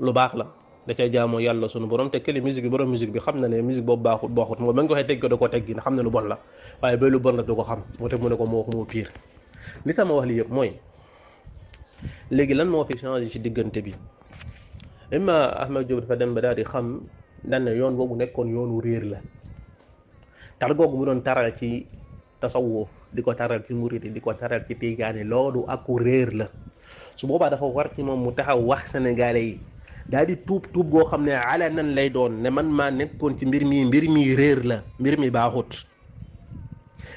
lu bax la da cay jamo yàlla sunu borom te këli musique borom musique bi xamna ne musique bobu baaxut baaxut moom ba nga ko waxee tegg ko da ko teggi na xam lu bon la waaye bay lu bon la du ko xam moo tax mu ne ko moo wax moo pire li sama wax li yëpp mooy léegi lan moo fi changé ci diggante bi imma Ahmed Diop dafa dem ba daal di xam dan ne yoon boobu nekkoon yoonu réer la tar googu mu doon taral ci tasawuf di ko taral ci murit di ko taral ci tiigaane loolu ak ku réer la su boobaa dafa war ci moom mu taxaw wax sénégalais yi daal di tuub tuub goo xam ne ala nan lay doon ne man maa nekkoon ci mbir mi mbir mi réer la mbir mi baaxut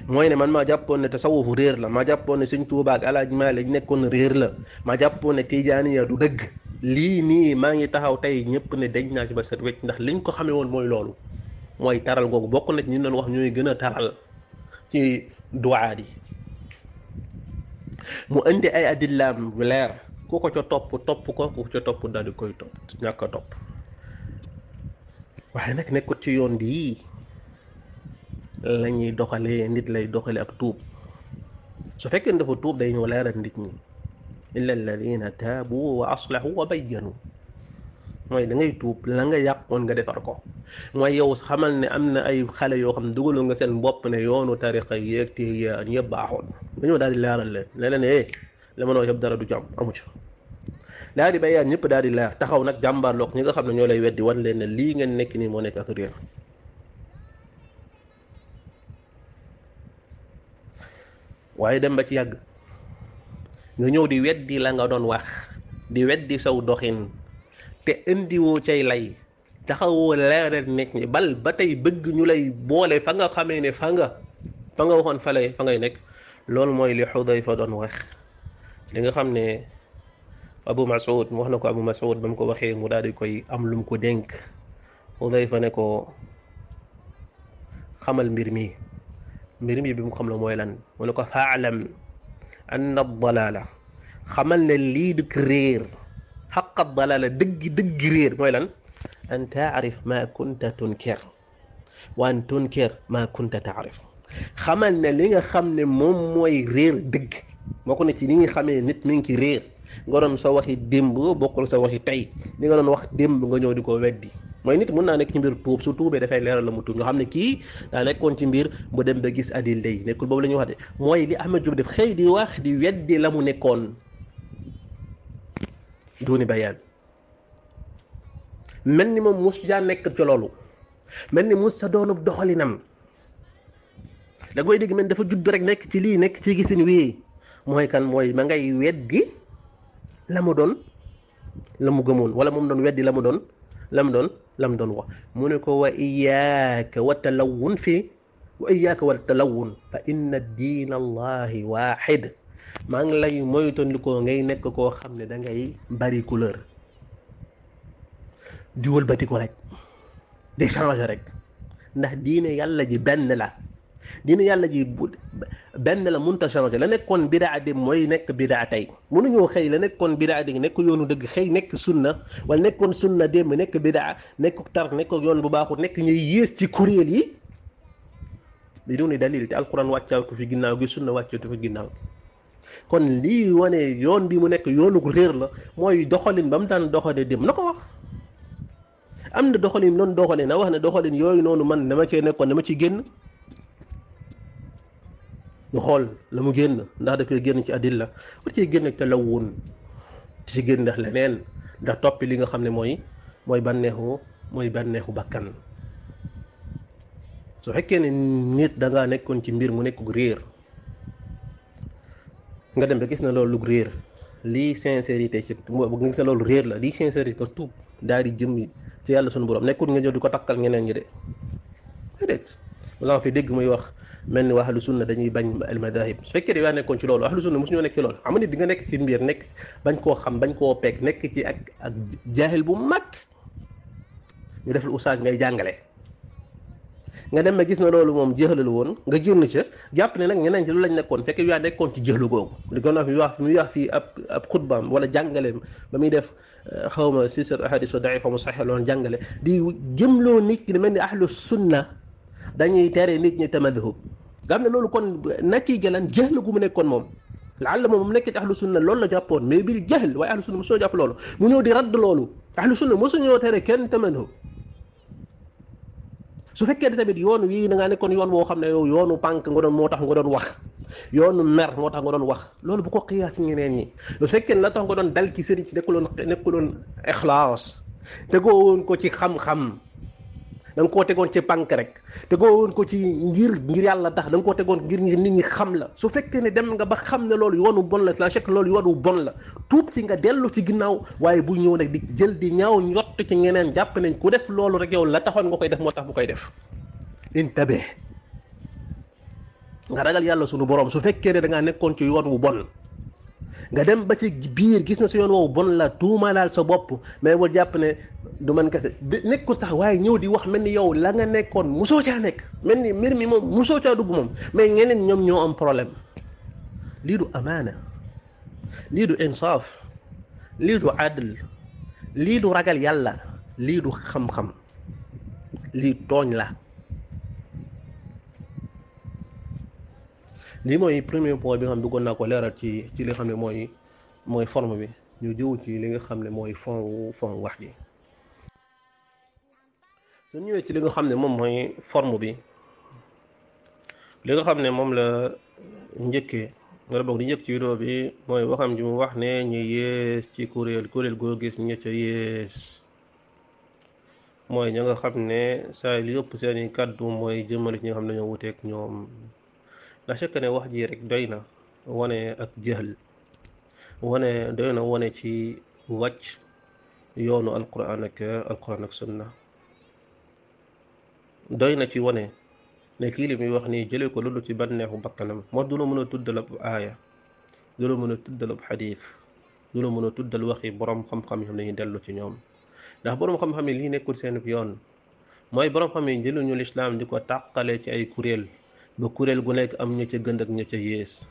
mooy ne man maa jàppoon ne tasawufu réer la maa jàppoon ne sëñ Tuubaa alaaj Maalik nekkoon réer la maa jàppoon ne tijaaniya du dëgg lii nii maa ngi taxaw tey ñëpp ne denc naa ci ba set wecc ndax liñ ko xamee woon mooy loolu mooy taral googu bokk na ci ñu doon wax ñooy gën a taral ci duwaat yi mu indi ay adillaam leer ku ko ca topp topp ko ku ca topp daal di koy topp ñàkk topp waaye nag nekkut ci yoon bi la euh. ñuy doxalee nit lay doxale ak tuub su fekkee ne dafa tuub day ñëw leeral nit ñi illa alladina taabu wa aslahu wa bayyanu mooy da ngay tuub la nga yàqoon nga defar ko mooy yow xamal ne am na ay xale yoo xam ne dugalu nga seen bopp ne yoonu tariqa yeeg te yaan yëpp baaxoon nga ñëw daal di leeral leen ne eh, yëpp dara du ci amu ci daal di bayaan ñëpp daal di leer taxaw nag jàmbaarloog ñi nga xam ne ñoo lay weddi wan leen ne lii ngeen nekk nii moo nekk ak réer waaye dem ba ci yàgg nga ñëw di weddi la nga doon wax di weddi saw doxin te indiwoo cay lay taxawoo leeral nit ñi bal ba tey bëgg ñu lay boole fa nga xamee ne fa nga fa nga waxoon fa lay fa ngay nekk loolu mooy li Xudayfa doon wax li nga xam ne Abu Mas'ud mu wax na ko Abu Mas'ud ba mu ko waxee mu daal di koy am lu mu ko dénk fa ne ko xamal mbir mi mbir mi bi mu xam la mooy lan mu ne ko faalam anna dalaala xamal ne lii dëkk réer xaqa dalaala dëggi dëggi réer mooy lan an taarif ma kunta tunkir wa tunkir ma kunta taarif xamal ne li nga xam ne moom mooy réer dëgg bokk na ci li nga xamee nit mi ngi ci réer nga doon sa waxi démb bokkul sa waxi tey ni nga doon wax démb nga ñëw di ko weddi moy nit mën na nek ci mbir tuub su da fay leeral la mu tuub nga xamné ne da daa kon ci mbir bu dem ba gis adil day nekul bobu lañu waxé moy li Ahmed Diop def xey di wax di weddi lamu nekkon doni bayal melni mom ni nek ci lolu melni ni doonu sa doxalinam da koy deg men dafa judd rek nek ci li nek ci gisin wi moy kan moy ma ngay weddi lamu don lamu la wala mom don weddi lamu don lam doon lam doon wax mu ne ko wa iyaaka wa talawun fii wa iyaaka wa talawun fa inna diina allahi waaxid maa ngi lay moytandikoo ngay nekk koo xam ne dangay bari couleur di wëlbati ko rek di changer rek ndax diine yàlla ji benn la dina yàlla ji benn la mënta changer la nekkoon bidaa dem mooy nekk bidaa tey mënuñoo xëy la nekkoon bidaa di nekk yoonu dëgg xëy nekk sunna wala nekkoon sunna démb nekk bidaa nekk tar nekk yoon bu baaxul nekk ñuy yées ci kuréel yi bi duni dalil te alquran wàccaatu fi ginnaaw gi sunna wàccaatu fi ginnaaw gi kon lii wane yoon bi mu nekk yoonu réer la mooy doxalin ba mu daan doxalee dem na ko wax am na doxalin noonu doxalin na wax ne doxalin yooyu noonu man dama cee nekkoon dama ci génn ñu xool la mu génn ndax da koy génn ci adilla war cee génn te law woon di génn ndax leneen ndax toppi li nga xam ne mooy mooy bànneexu mooy bànneexu bàkkan su xekkee ne nit da nekkoon ci mbir mu nekkug réer nga dem ba gis na loolu lu réer lii sincérité ci nga gis na loolu réer la lii sincérité ko tuub daa di jëm ci yàlla sunu borom nekkul nga ñëw di ko takkal ñeneen ñi de déedéet. fi dégg muy wax. mel ni waa ahlu sunna dañuy bañ al madahib su fekkee yaa nekkoon ci loolu ahlu sunna mosuñoo nekk ci loolu bañ koo xam bañ koo peeg nekk ci ak ak jaahil bu mag ñu def oustaz ngay jàngale nga dem ma gis na loolu moom jëxlalu woon nga génn ca jàpp ne nag ñeneen ci lañ nekkoon fekk yaa nekkoon ci jëxlu googu li ko wax mi wax fi wax fii ab xutbaam wala jàngaleem ba muy def euh, xawma sisar ahadis wa daif xawma saxe loon jàngale di jëm loo nit ki mel ni ahlu sunna dañuy tere nit ñi tamadhub nga xam ne loolu kon natiija lan jahl gu mu nekkoon moom laalla moom mu nekk ci ahlu sunna loolu la jàppoon mais bil jahl waaye ahlu sunna mosuñoo jàpp loolu mu ñëw di radd loolu ahlu sunna mosuñoo tere kenn tamadhub su fekkee ne tamit yoon wii na ngaa nekkoon yoon woo xam ne yow yoonu pànk nga doon moo tax nga doon wax yoonu mer moo tax nga doon wax loolu bu ko xiyaas ñeneen ñi su fekkee ne la tax nga doon dal ci sëriñ si nekkuloon nekkuloon ixlaas tegoo woon ko ci xam danga nga koo tegoon ci pànk rek tegoon ko ci ngir ngir yàlla tax da ko tegoon ngir ngir nit ñi xam la su fekkee ne dem nga ba xam ne loolu yoonu bon la la chèque loolu yoonu bon la tuub ci nga dellu ci ginnaaw bu ñëw di jël di ñaaw ñott ci ñeneen jàpp nañ ku def loolu rek yow la taxoon nga koy def moo tax mu koy def intabe nga yàlla sunu borom su fekkee ne da ngaa nekkoon ci yoon wu bon nga dem ba ci gis na sa yoon woowu bon la tuumaalaal sa bopp mais wal jàpp ne du man kese de nekkul sax waaye ñëw di wax mel ni yow la nga nekkoon musoo caa nekk mel ni mbir mi moom musoo caa dugg moom mais ñeneen ñoom ñoo am problème lii du amaana lii du insaaf lii du adl lii du ragal yàlla lii du xam-xam lii tooñ la lii mooy premier point bi nga xam bëggoon ko leeral ci ci li nga xam ne mooy mooy forme bi ñu jëw ci li nga xam ne mooy fond fond wax ji su ñëwee ci li nga xam ne moom mooy forme bi li nga xam ne moom la njëkkee wala boog di njëkk ci vidéo bi mooy waxam ji mu wax ne ñu yées ci kuréel kuréel goo gis ña ca yées mooy ña nga xam ne saa li yëpp seeni i kàddu mooy jëmale ci nga xam ne ñoo wuteeg ñoom la fekk ne wax ji rek doy na wane ak jël wane doy na wane ci wàcc yoonu alquran ak alquran ak sunna doy na ci wone ne kii li muy wax nii jëlee ko loolu ci bànneexu bakkanam moo du la mën a tudd la bu aaya du la mën a tuddal ab xadiis du la mën a tudd tuddal waxi borom xam-xam yi nañu dellu ci ñoom ndax borom xam-xam yi lii nekkul seen yoon mooy borom xam yi jëluñu lislaam di ko tàqalee ci ay kuréel ba kuréel gu nekk am ñu ca gënd ak ñu ca yées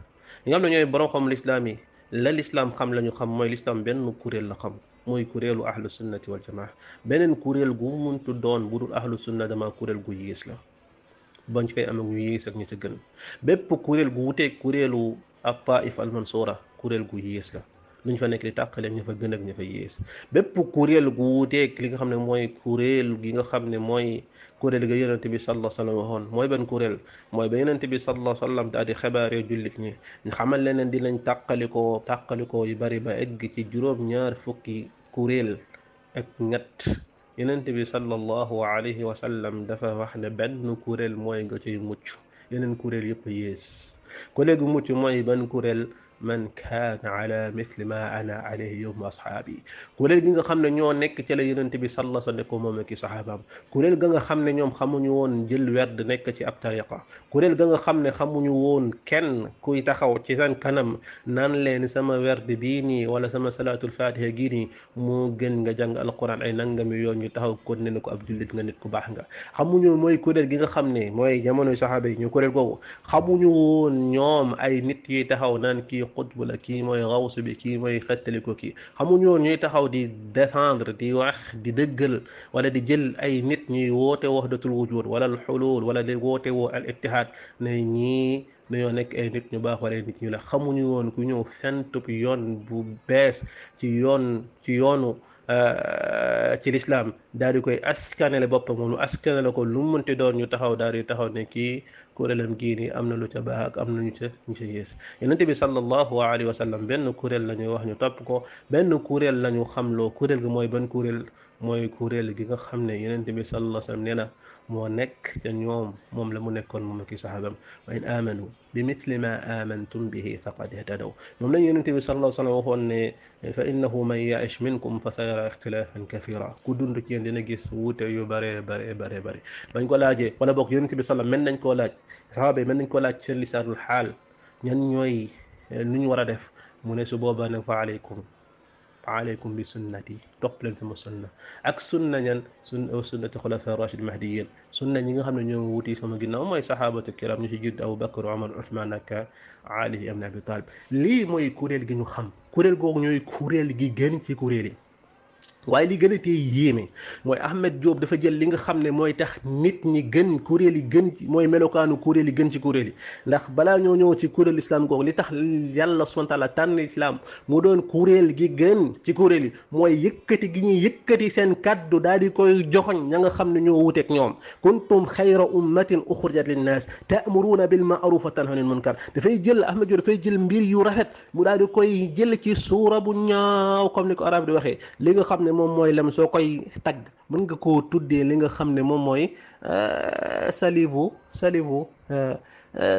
ñi nga xam ñooy borom xam lislaam yi la lislaam xam la ñu xam mooy lislaam benn kuréel la mooy kuréelu ahlu sunnati wal jamaa beneen kuréel gu muntu doon bu dul ahlu sunna dama kuréel gu yiis la bañ fay am ak ñu yiis ak ñu ca gën bépp kuréel gu wuteeg kuréelu at taif al mansura kuréel gu yiis la ñu fa nekk di tàqale ña fa gën ak ña fa yées bépp kuréel gu wuuteeg li nga xam ne mooy kuréel gi nga xam ne mooy kuréel ga yonente bi sallallahu alayhi wa sallam waxoon mooy ban kuréel mooy ba yonente bi sallallahu alayhi wa sallam daal di xabaaree jullit ñi ñu xamal leneen dinañ tàqalikoo tàqalikoo yu bari ba egg ci juróom fukki kuréel ak ñett yonente bi sallallahu alayhi wa sallam dafa wax ne benn kuréel mooy nga ci mucc yeneen kuréel yëpp yées kuréel gu mucc mooy ban kuréel man kaana ala mithli ma ana alayhi yowma ashaabi kuréel gi nga xam ne ñoo nekk ca la yonent bi salla sa nekko moom ak i saxaabaam kuréel ga nga xam ne ñoom xamuñu woon jël werd nekk ci ab tariqa kuréel ga nga xam ne xamuñu woon kenn kuy taxaw ci san kanam naan leen sama werd bii nii wala sama salaatul fatiha gii nii moo gën nga jàng alquran ay nangami yoon ñu taxaw kon ne ne ko ab jullit nga nit ku baax nga xamuñu mooy kuréel gi nga xam ne mooy jamonoy saxaaba yi ñu kuréel googu xamuñu woon ay nit yi taxaw naan kii xutb la kii mooy xaws bi kii mooy xettali ko kii xamuñu woon ñuy taxaw di défendre di wax di dëggal wala di jël ay nit ñuy woote wahdatul wujud wala al xulul wala di woote woo al ittihaad ne ñii nekk ay nit ñu baax wala nit ñu la xamuñu woon ku ñëw fentub yoon bu bees ci yoon ci yoonu Euh, ci lislaam daal di koy askanale boppam moom askanale ko lu mu mënti doon ñu taxaw daal di taxaw ne kii kuréelam gii nii am na lu ca baax ak am na ñu ca ñu ca yées yonent bi sallallahu alayhi wa sallam benn kuréel la ñuy wax ñu topp ko benn kuréel la ñu loo kuréel gi mooy ban kuréel mooy kuréel gi nga xam ne yonent bi sallallahu alayhi wa sallam nee na moo nekk ca ñoom moom la mu nekkoon moom ki saxaabam wa in amanu bi mitli ma amantum bihi faqad ihtadaw moom la yonente bi sallallahu alayhi wa sallam waxoon ne fa innahu man yaish minkum fa sayara ixtilafan kathira ku dund ci yéen dina gis wuute yu bare bare bare bare bañ ko laajee wala boog yonente bi sallam mën nañ koo laaj saxaaba yi mën nañ koo laaj seen lisaanul xaal ñan ñooy lu ñu war a def mu ne su boobaa ne fa alaykum fa aleykum bi sunnati topp leen sama sunna ak sunna ñan sunna sunnati xulafa rachid mahdiyin sunna ñi nga xam ne ñoom wuti sama ginnaaw mooy sahabatu kiram ñu ci jiitu abou bakar omar ousmane ak ali ibn abi talib lii mooy kuréel gi ñu xam kuréel googu ñooy kuréel gi gën ci kuréel yi waye li gëna tay yéme moy Ahmed Diop dafa jël li nga xamné moy tax nit ñi gën kureeli gën mooy melokaanu kuréel yi gën ci kureeli ndax bala ñoo ñoo ci kuréel islam gog li tax yàlla subhanahu wa taala tan islam mu doon kuréel gi gën ci kureeli moy yëkëti gi ñi yëkëti seen kàddu daal di koy joxoñ ña nga xamné ñoo wuté ak ñoom kuntum khayra ummatin ukhrijat lin nas ta'muruna bil ma'ruf wa tanhawna anil munkar dafay jël Ahmed Diop dafay jël mbir yu rafet mu daal di koy jël ci sura bu ñaaw comme ni ko arab di waxé li nga xam ne moom mooy lem soo koy tagg mën nga koo tuddee li nga xam ne moom mooy euh, salivu salivu euh,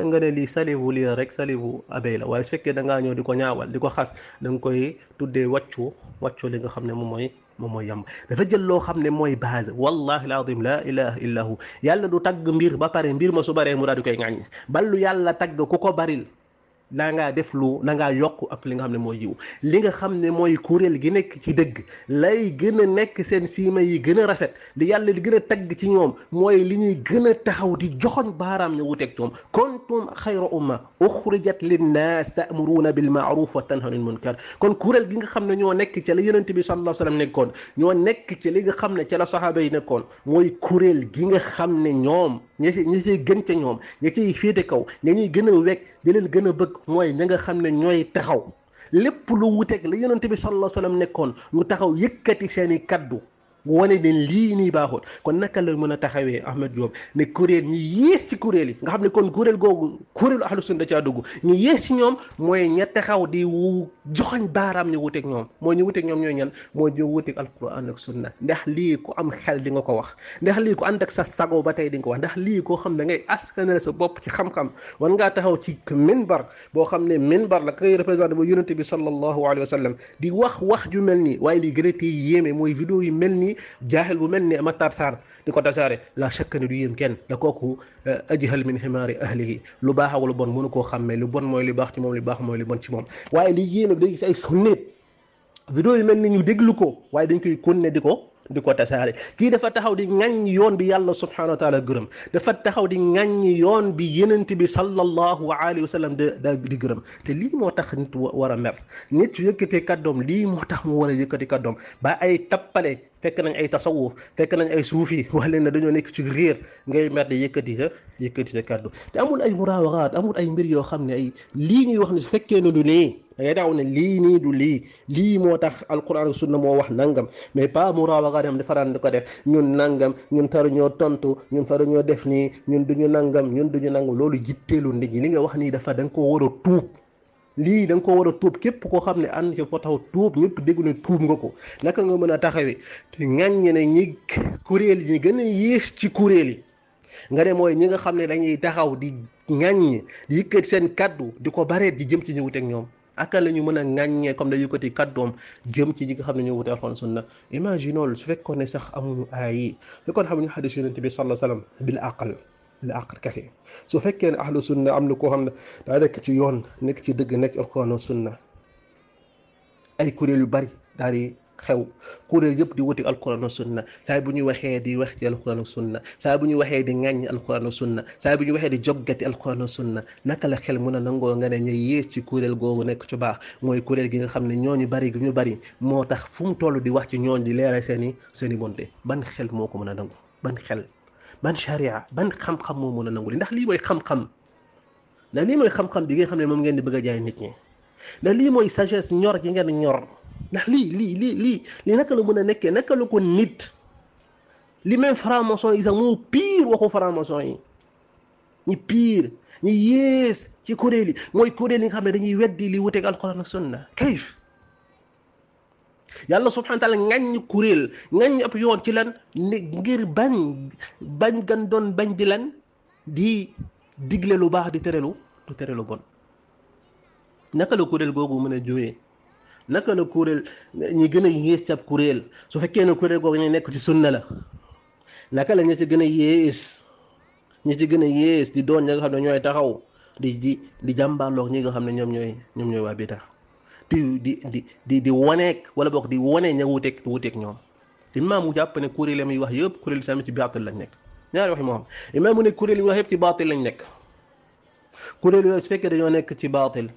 nga ne lii salivu lii rek salivu abey la waaye su fekkee da ngaa ñëw di ko ñaawal di ko xas danga koy tuddee wàccu wàccu li nga xam ne moom mooy moom mooy yàmb dafa jël loo xam ne mooy base wallahi alazim la hu yàlla du tagg mbir ba pare mbir ma su baree mu daal di koy ŋàññ ballu yàlla tagg ku ko baril laa ngaa def lu na ngaa yokk ak li nga xamne moy mooy yiw li nga xamne moy courel gi nek ci deug lay gëna nek sen sima yi gëna rafet li yàlla di gëna tag ci ñoom moy li ñuy gëna taxaw di joxoñ baram ñu wuteeg ñoom kuntum khayru umma ukhrijat lin nas ta'muruna bil ma'ruf wa tanhawna munkar kon courel gi nga xamne ne ñoo nekk ci la yonente bi sallallahu alayhi wasallam nekkon nekkoon ñoo nekk ci li nga xamne ci la sahaba yi nekkon moy courel gi nga xamne ñoom ñi ci gën ci ñoom ña ciy féete kaw ñi gëna wek di leen gëna bëgg mooy ña nga xam ne ñooy taxaw lépp lu wuteeg la yonent bi sallallahu alayhi wa sallam nekkoon ñu taxaw yëkkati seeni kaddu wone ne lii nii baaxul kon naka la mën a taxawee Ahmed Diop ne kuréel ñi yées ci kuréel yi nga xam ne kon kuréel googu kuréelu ahlu sunna da caa dugg ñu yées ci ñoom mooy ña taxaw di joxoñ baaraam ñu wuteeg ñoom mooy ñu wuteeg ñoom ñooy ñan mooy ñu wuteeg alquran ak sunna ndax lii ku am xel di nga ko wax ndax lii ku ànd ak sa sago ba tey di nga ko wax ndax lii koo xam ne ngay askanal sa bopp ci xam-xam war ngaa taxaw ci minbar boo xam ne minbar la kay représenté ba yonente bi sallallahu alayhi wa sallam di wax wax ju mel nii waaye li gën a tey yéeme mooy vidéo yu mel nii جاهل بو ملني اما تارثار ديكو تاساري لا شك ني دو يم آه، اجهل من حمار اهله لو باخ ولا بون مونو كو خامي لو بون موي لي باخ تي موم لي باخ موي لي بون تي موم واي لي يينو داي اي سنيت فيديو يي ملني ني ديغلوكو diko tassare ki dafa taxaw di ngagn yoon bi yàlla subhanahu wa taala gërëm dafa taxaw di ngagn yoon bi yenente bi sallallahu alayhi wa sallam de di gërëm te li mo tax nit wara mer nit yëkëté kaddom li mo tax mo wara yëkëté kaddom ba ay tapalé fekk nañ ay tasawuf fekk nañ ay soufi wax na dañu dañoo nekk ci rir ngay mer di yëkkati ha yëkkati sa kàddu te amul ay muraawaxaat amul ay mbir yo xamné ay li ñuy wax ne su fekkee ne du da ngay daaw ne lii nii du lii lii moo tax alquran sunna moo wax nangam mais pas mu raaw agaa dem di faral di ko def ñun nangam ñun faruñoo tontu ñun faruñoo def nii ñun duñu nangam ñun duñu nangam loolu jitteelu nit ñi li nga wax nii dafa da koo war a tuub lii da ko war a tuub képp koo xam ne ànd ci fa taxaw tuub ñëpp déggu ne tuub nga ko naka nga mën a taxawee te ŋàññe ne ñi kuréel yi gën a yées ci kuréel yi nga mooy ñi nga xam ne dañuy taxaw di ŋàññe di yëkkat seen kàddu di ko bareet di jëm ci ñu wuteeg ñoom aka lañu mëna ngagne comme dañu ko ti kaddom jëm ci ñi nga xam ne wute xon sunna imaginool su fekkone sax amuñu ay yi fekkoon xam hadith yunus bi sallallahu alayhi wasallam bil aql bil aql kese su ahlu sunna am na koo xam ne ci yoon ci sunna ay kuréel yu bari xew kuréel yëpp di wuti alquran ak sunna saa bu ñuy waxee di wax ci alquran ak sunna saa bu ñuy waxee di ŋàññ alquran ak sunna saa bu ñuy waxee di joggati alquran ak sunna naka la xel mun a nangoo nga ne ñu yéeg ci kuréel googu nekk ci baax mooy kuréel gi nga xam ne ñooñu bari gi ñu bari moo tax fu mu toll di wax ci ñooñu di leeral seen i seen i bonte ban xel moo ko mën a nangu ban xel ban sharia ban xam-xam moo mën a nangu li ndax lii mooy xam-xam ndax lii mooy xam bi nga xam ne moom ngeen di bëgg a jaay nit ñi ndax lii mooy sagesse ñor gi ngeen ñor ndax lii lii lii lii lii naka la mën a nekkee naka la ko nit li même franc-maçon yi sax moo pire waxu franc-maçon yi ñi pire ñi yées ci kuréel yi mooy kuréel yi nga xam ne dañuy weddi li wuteeg alquran ak sunna kayif yàlla subhanahu taala ngañ kuréel ngañ ab yoon ci lan ngir bañ bañ gan bañ di lan di digle lu baax di tërelu du tërelu bon naka la kuréel googu mën a jógee naka la kuréel ñi gën a yées ci kuréel su fekkee ne kuréel googu ñu nekk ci sunna la naka la ci gën a yées ñi ci gën a yées di doon ñi nga xam ñooy taxaw di di di jàmbaarloog ñi nga xam ne ñoom ñooy ñoom ñooy waa bida di di di di di waneek wala boog di wane ña wuteeg wuteeg ñoom imaam mu jàpp ne kuréel yi muy wax yëpp kuréel sami ci baatil lañ nekk ñaari yi moo xam imaam ne kuréel yi wax yëpp ci baatil lañ nekk kuréel yooyu su fekkee dañoo nekk ci baatil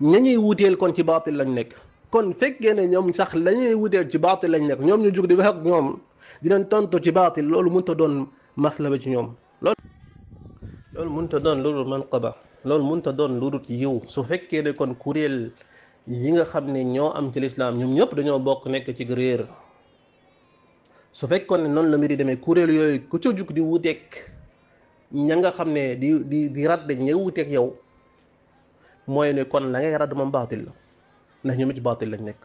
ña ñuy wuteel kon ci baatil lañ nekk kon fekkee ne ñoom sax lañuy ñuy wuteel ci baatil lañ nekk ñoom ñu jug di wax ñoom dinañ tontu ci baatil loolu mënut a doon masla ba ci ñoom loolu loolu mënut a doon loolu manqaba loolu mënut doon lu dul yiw su fekkee ne kon kuréel yi nga xam ne ñoo am ci lislaam ñoom ñëpp dañoo bokk nekk ci réer su fekkoon ne noonu la mbir yi demee kuréel yooyu ku ca jug di wuteeg ña nga xam ne di di di rad dañ ña wuteeg yow mooy ne kon la ngay rad moom baatil la نهي مج باطل لنك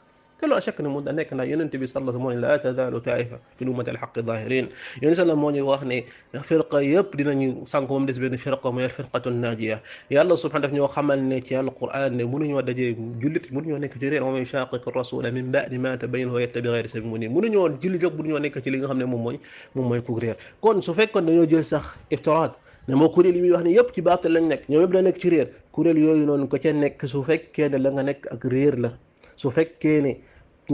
كلو اشك نمود انك لا ينتي بيصلى ثمون لا تزال تعرف في لومة الحق ظاهرين ينسى لمون يوهني فرقة يبدي نني سانكو مدس بين فرقة ما الفرقة الناجية يا الله سبحانه وتعالى خمل نيت يا القرآن نمون يو دجي جلت مون يو نيك جيرين وما يشاقق الرسول من بعد ما تبين هو يتبع غير سبيل مون مون يو جوك بون نيك تي ليغا خامني موم موي موم موي كوغرير كون سو فيكون نيو جيل سخ افتراض ne moo kuréel yi muy wax ne yëpp ci baatal lañ nekk ñoom yëpp da nekk ci réer kuréel yooyu noonu ko ca nekk su fekkee ne la nga nekk ak réer la su fekkee ne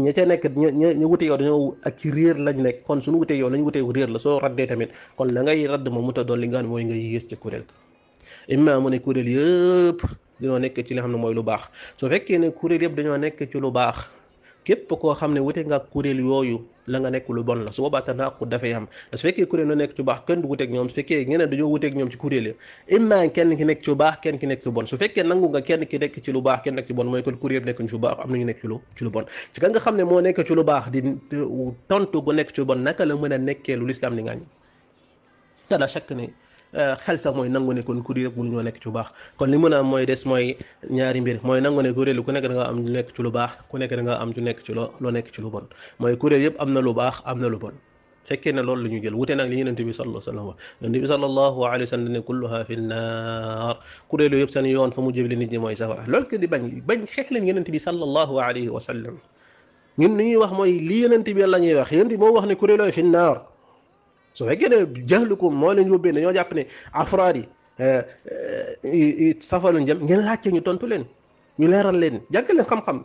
ña ca nekk ña ñu wute yow dañoo ak ci réer lañ nekk kon suñu wutee yow lañ wutee réer la soo raddee tamit kon la ngay radd moom mu ta doon li nga mooy nga yées ci kuréel imma mu ne kuréel yëpp dañoo nekk ci li xam ne mooy lu baax su fekkee ne kuréel yëpp dañoo nekk ci lu baax képp koo xam ne wute nga kuréel yooyu la nga nekk lu bon la su boobaa tanaaqud dafay am su fekkee kuréel lu nekk ci baax kenn du wuteeg ñoom su fekkee ñeneen dañoo ñoom ci kuréel yi ki nekk ci baax kenn ki nekk ci bon su fekkee nangu nga kenn ki nekk ci lu baax kenn nekk ci bon mooy kon kuréel nekk ci baax am nañu nekk nga xam ne moo nekk ci lu baax tontu gu nekk ci lu bon naka la mën a nekkee lu lislaam ni ngaañ te la chakk ne xel sax mooy nangu ne kon kuréel yëpp mënuñoo nekk ci lu baax kon li mën a am mooy des mooy ñaari mbir mooy nangu ne kuréel ku nekk da nga am lu nekk ci lu baax ku nekk da nga am lu nekk ci lo loo nekk ci lu bon mooy kuréel yëpp am na lu baax am na lu bon fekkee na loolu la ñu jël wute nag li yonente bi sallallahu alayhi wa sallam wax yonente bi sallallahu alayhi wa sallam ne kulluha fi nnaar kuréelu yëpp seen yoon fa mu jëble nit ñi mooy safara loolu que di bañ bañ xeex leen yonente bi sallallahu alayhi wa sallam ñun li ñuy wax mooy li yonente bi la ñuy wax yonente bi moo wax ne kuréelu fi nnaar su fekkee ne jaxlukum moo leen yóbbee ne ñoo jàpp ne afraad yi euh, euh, safaluñ jëm ngeen laajte ñu tontu leen ñu leeral leen jàngal leen xam-xam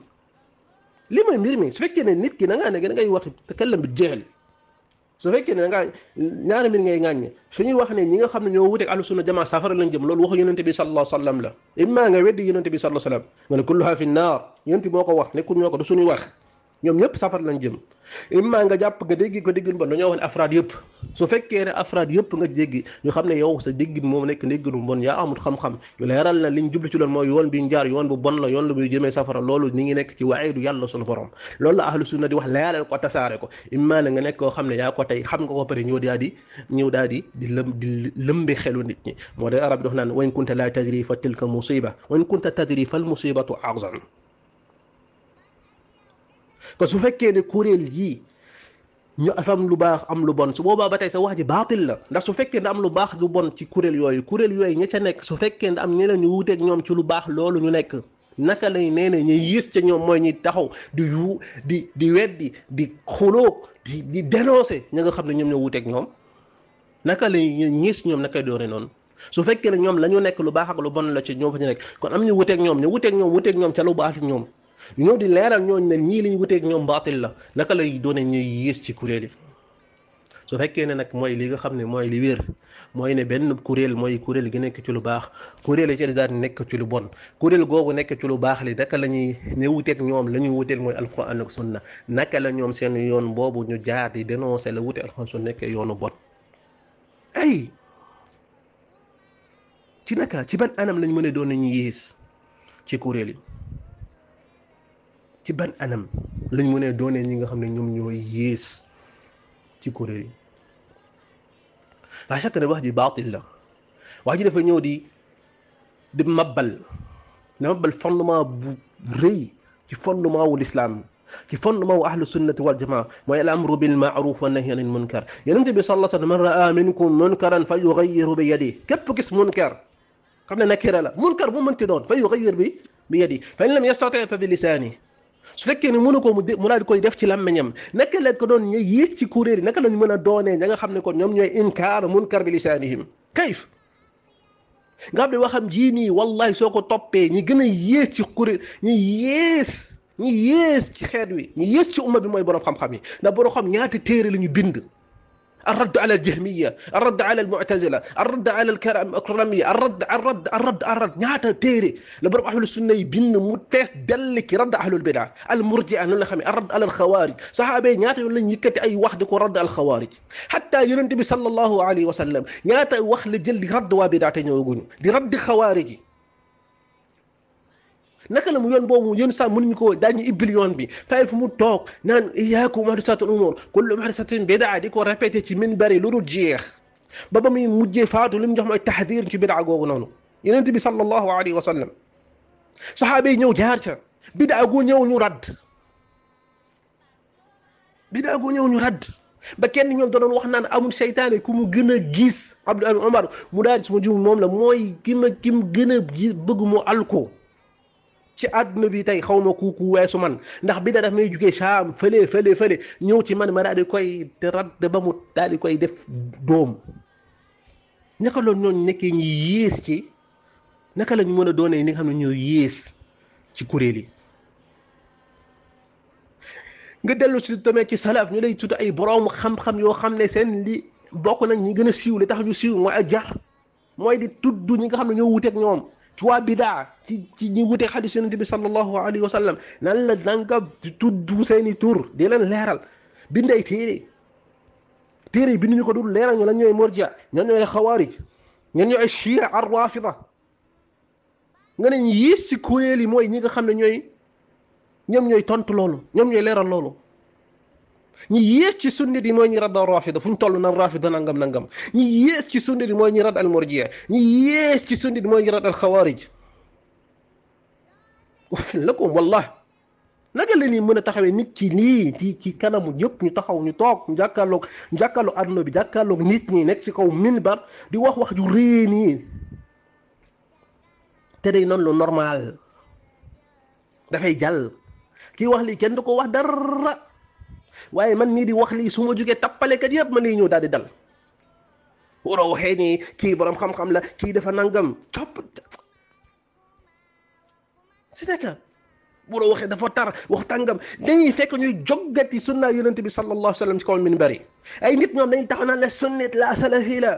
li mooy mbir mi su fekkee ne nit ki da ngaa ne da ngay wax te kallam bi jeexal su fekkee ne da ngaa ñaari mbir ngay ŋàññe suñuy wax ne ñi nga xam ne ñoo wuteeg ahlu sunna jamaa safara lañ jëm loolu wax yonente bi sallallahu alayhi wa sallam la imma nga weddi yonente bi sallallahu alayhi wa sallam ne ku fi nnaar yonente moo ko wax nekkul ñoo ko du suñuy wax ñoom ñëpp safar lañ jëm imma nga jàpp nga dégg ko déggin bon dañoo wax afraad yëpp su fekkee ne afraad yëpp nga dégg ñu xam ne yow sa déggin moom nekk déggin bu bon yaa amul xam-xam yu leeral na liñ jublu ci loolu mooy yoon bi njaar yoon bu bon la yoon la muy jëmee safara loolu ni ngi nekk ci waxidu yàlla sunu borom loolu la ahlu sunna di wax leeral ko tasaare ko imma na nga nekk koo xam ne yaa ko tey xam nga ko pare ñëw daa di ñëw daa di di lëm di lëmbi xelu nit ñi moo day arab di wax naan wañ kunta la tajri fa tilka musiba wañ kunta tajri fal musibatu azam kon su fekkee ne kuréel yii ñu afam lu baax am lu bon su boobaa ba tey sa wax ji baatil la ndax su fekkee ne am lu baax lu bon ci kuréel yooyu kuréel yooyu ña ca nekk su fekkee am ñeneen ñu wuuteeg ñoom ci lu baax loolu ñu nekk naka lay nee ne ñu yis ca ñoom mooy ñuy taxaw di yu di di weddi di xuloo di di dénoncé ña nga xam ne ñoom ñoo wuuteeg ñoom naka lay ñis ñoom nakay doone noonu su fekkee ne ñoom la ñu nekk lu baax lu la ci ñoom fa ñu nekk kon am ñu wuteeg ñoom ñu wuteeg ñoom ñoom ca lu baax ñoom ñëw di leeral ñooñ ne ñii li ñu ñoom baatil la naka lay doone ñuy yées ci kuréel yi su fekkee ne nag mooy lii nga xam ne mooy li wér mooy ne benn kuréel mooy kuréel gi nekk ci lu baax kuréel yi ci nekk ci lu bon kuréel googu nekk lu baax li naka lañuy ñuy ñoom la ñuy wuteel mooy alquran ak na naka la ñoom seen yoon boobu ñu jaar di dénoncer la wute alquran su nekkee yoonu bon ay ci naka ci ban anam lañ mën a doon ñuy yées ci kuréel yi ci ban anam lañ mënee doonee ñi nga xam ne ñoom ñoo yées ci kuréel yi laa shakk ne wax ji baatil la wax ji dafa ñëw di di mabbal di mabbal fondement bu rëy ci fondement wu lislaam ci fondement wu ahlu sunnati wal jamaa mooy al amru bil maaruf wa nahyi anil munkar yonent bi sallallahu alayhi wa sallam man raa minkum munkaran fa yugayiru bi yadi képp gis munkar xam ne nakira la munkar bu mënti doon fa yugayir bi bi yadi fa in lam yastati fa bi lisaani su fekkee ni mënu ko mu mu daal di koy def ci làmmeñam naka la ko doon ñu ci kuréel yi naka lañu mën a doonee ña nga xam ne kon ñoom ñooy inkaar munkar bi lisaanihim kayf nga xam ne waxam jii nii wallahi soo ko toppee ñi gën a yées ci kuréel ñi yées ñi yées ci xeet wi ñi yées ci umma bi mooy borom xam-xam yi ndax borom xam ñaata téere la ñu bind الرد على الجهمية الرد على المعتزلة الرد على الكرامية الرد الرد الرد الرد ñaata téere la borom ahlu sunna yi bind mu tees dell ki radd ahlul bidaa al murjia noonu la xamee arradd ala al xawaarij saxaaba yi ñaata yoon lañ yëkkati ay wax di ko radd al xawaarij xatta yonente bi sallallahu alayhi wa sallam ñaata wax la jël di radd waa bidaa te ñëwaguñu di radd xawaarij yi naka la mu yoon boobu yenn saa mënuñu ko daañu ibbil yoon bi fayal fu mu toog naan iyaakum mahdasatul umur kullu mahdasatin bidaa di ko répété ci min bari lu dul jeex ba ba muy mujjee faatu li mu jox mooy taxdir ci bidaa googu noonu yenent bi sallallahu alayhi wa sallam saxaaba yi ñëw jaar ca bidaa gu ñëw ñu radd bidaa gu ñëw ñu radd ba kenn ñoom da doon wax naan amul seytaane ku mu gën a gis Abdul Omar mu daal ci suma jum moom la mooy ki ma ki mu gën a gis bëgg mu alko ci àdduna bi tey xaw ma ku ku su man ndax bi da daf may jugee saam fële fële fële ñëw ci man ma daal di koy te radd ba mu daal di koy def doom naka la ñooñu nekkee ñi yées ci naka lañu mën a doonee ni nga xam ne ñoo yées ci kuréel yi. nga dellu si tamit ci salaf ñu lay tudd ay borom xam yoo xam ne seen li bokk nañ ñi gën a siiw li tax ñu siiw mooy ak jax mooy di tudd ñi nga xam ne ñoo wuteeg ñoom. ci waa bidaa ci ci ñi wute xadis yonente bi sallallahu alayhi wa sallam nan la danga tudd seeni tur di leen leeral bind ay téere téere yi binduñu ko dul leeral ñu lan ñooy morjia lañuy ñooy xawaarij ñan ñooy chia ar rafida nga ne yiis ci kuréel yi mooy ñi nga xam ne ñooy ñoom ñooy tontu loolu ñoom ñooy leeral loolu ñi yées ci sunni yi mooy ñi radd al rafida fu ñu toll nan rafida nangam nangam ñi yées ci sunni yi mooy ñi radd al murjiya ñi yées ci sunni yi mooy ñi radd al xawaarij wafin lakum wallah naka la ñuy mën a taxawee nit ci lii ci ci kanamu ñëpp ñu taxaw ñu toog ñu jàkkaarloog ñu jàkkaarloog àdduna bi jàkkaarloog nit ñi nekk ci kaw minbar di wax wax ju rëy nii te day noonu lu normal dafay jàll kii wax lii kenn du ko wax dara waaye man mii di wax lii su ma jugee tappalekat yëpp mën nañu ñëw daal di dal waroo waxee ni kii borom xam-xam la kii dafa nangam topp si nekk waroo waxee dafa tar wax tàngam dañuy fekk ñuy joggati sunna yonent bi sallallahu alayhi wa sallam ci kaw minbar yi ay nit ñoom dañuy taxaw naan la sunnit la salafi la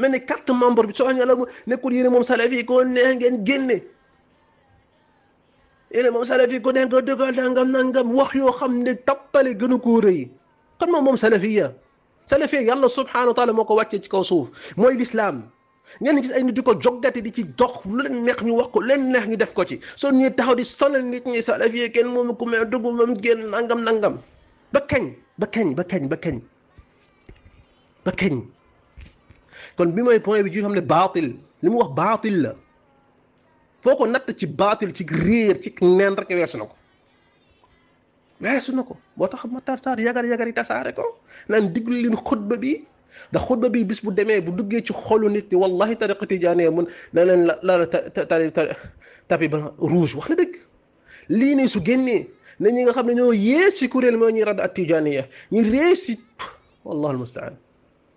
mel ni carte membre bi soo ñëwee la nekkul yéen moom salafi ko neex ngeen génne. yéen eh, moom salafi ko nekk dëggal nangam nangam wax yoo xam ne tappale gënu koo rëy kon moom moom salafiya salafiya yàlla subhanahu wa taala moo ko wàccee ci kaw suuf mooy lislaam ngeen gis ay nit di ko joggate di ci dox lu leen neex ñu wax ko leen neex ñu def ko ci soo ñuy taxaw di sonal nit ñi salafiya kenn moom ku may dugg moom génn nangam nangam ba kañ ba kañ ba kañ kon bi mooy point bi ci xam ne baatil li mu wax baatil la foo ko natt ci baatul ci réer ci neen rek weesu na ko weesu na ko boo tax Matar Sarr yagar yagar yi tasaare ko naan diglu leen xutba bi ndax xutba bi bis bu demee bu duggee ci xolu nit ñi wallahi tariqa tijaanee mun na leen la la tapi ba rouge wax na dëgg lii su génnee na ñi nga xam ne ñoo yées ci kuréel moo ñuy a at tijaaniya ñu réesi wallahi almustaan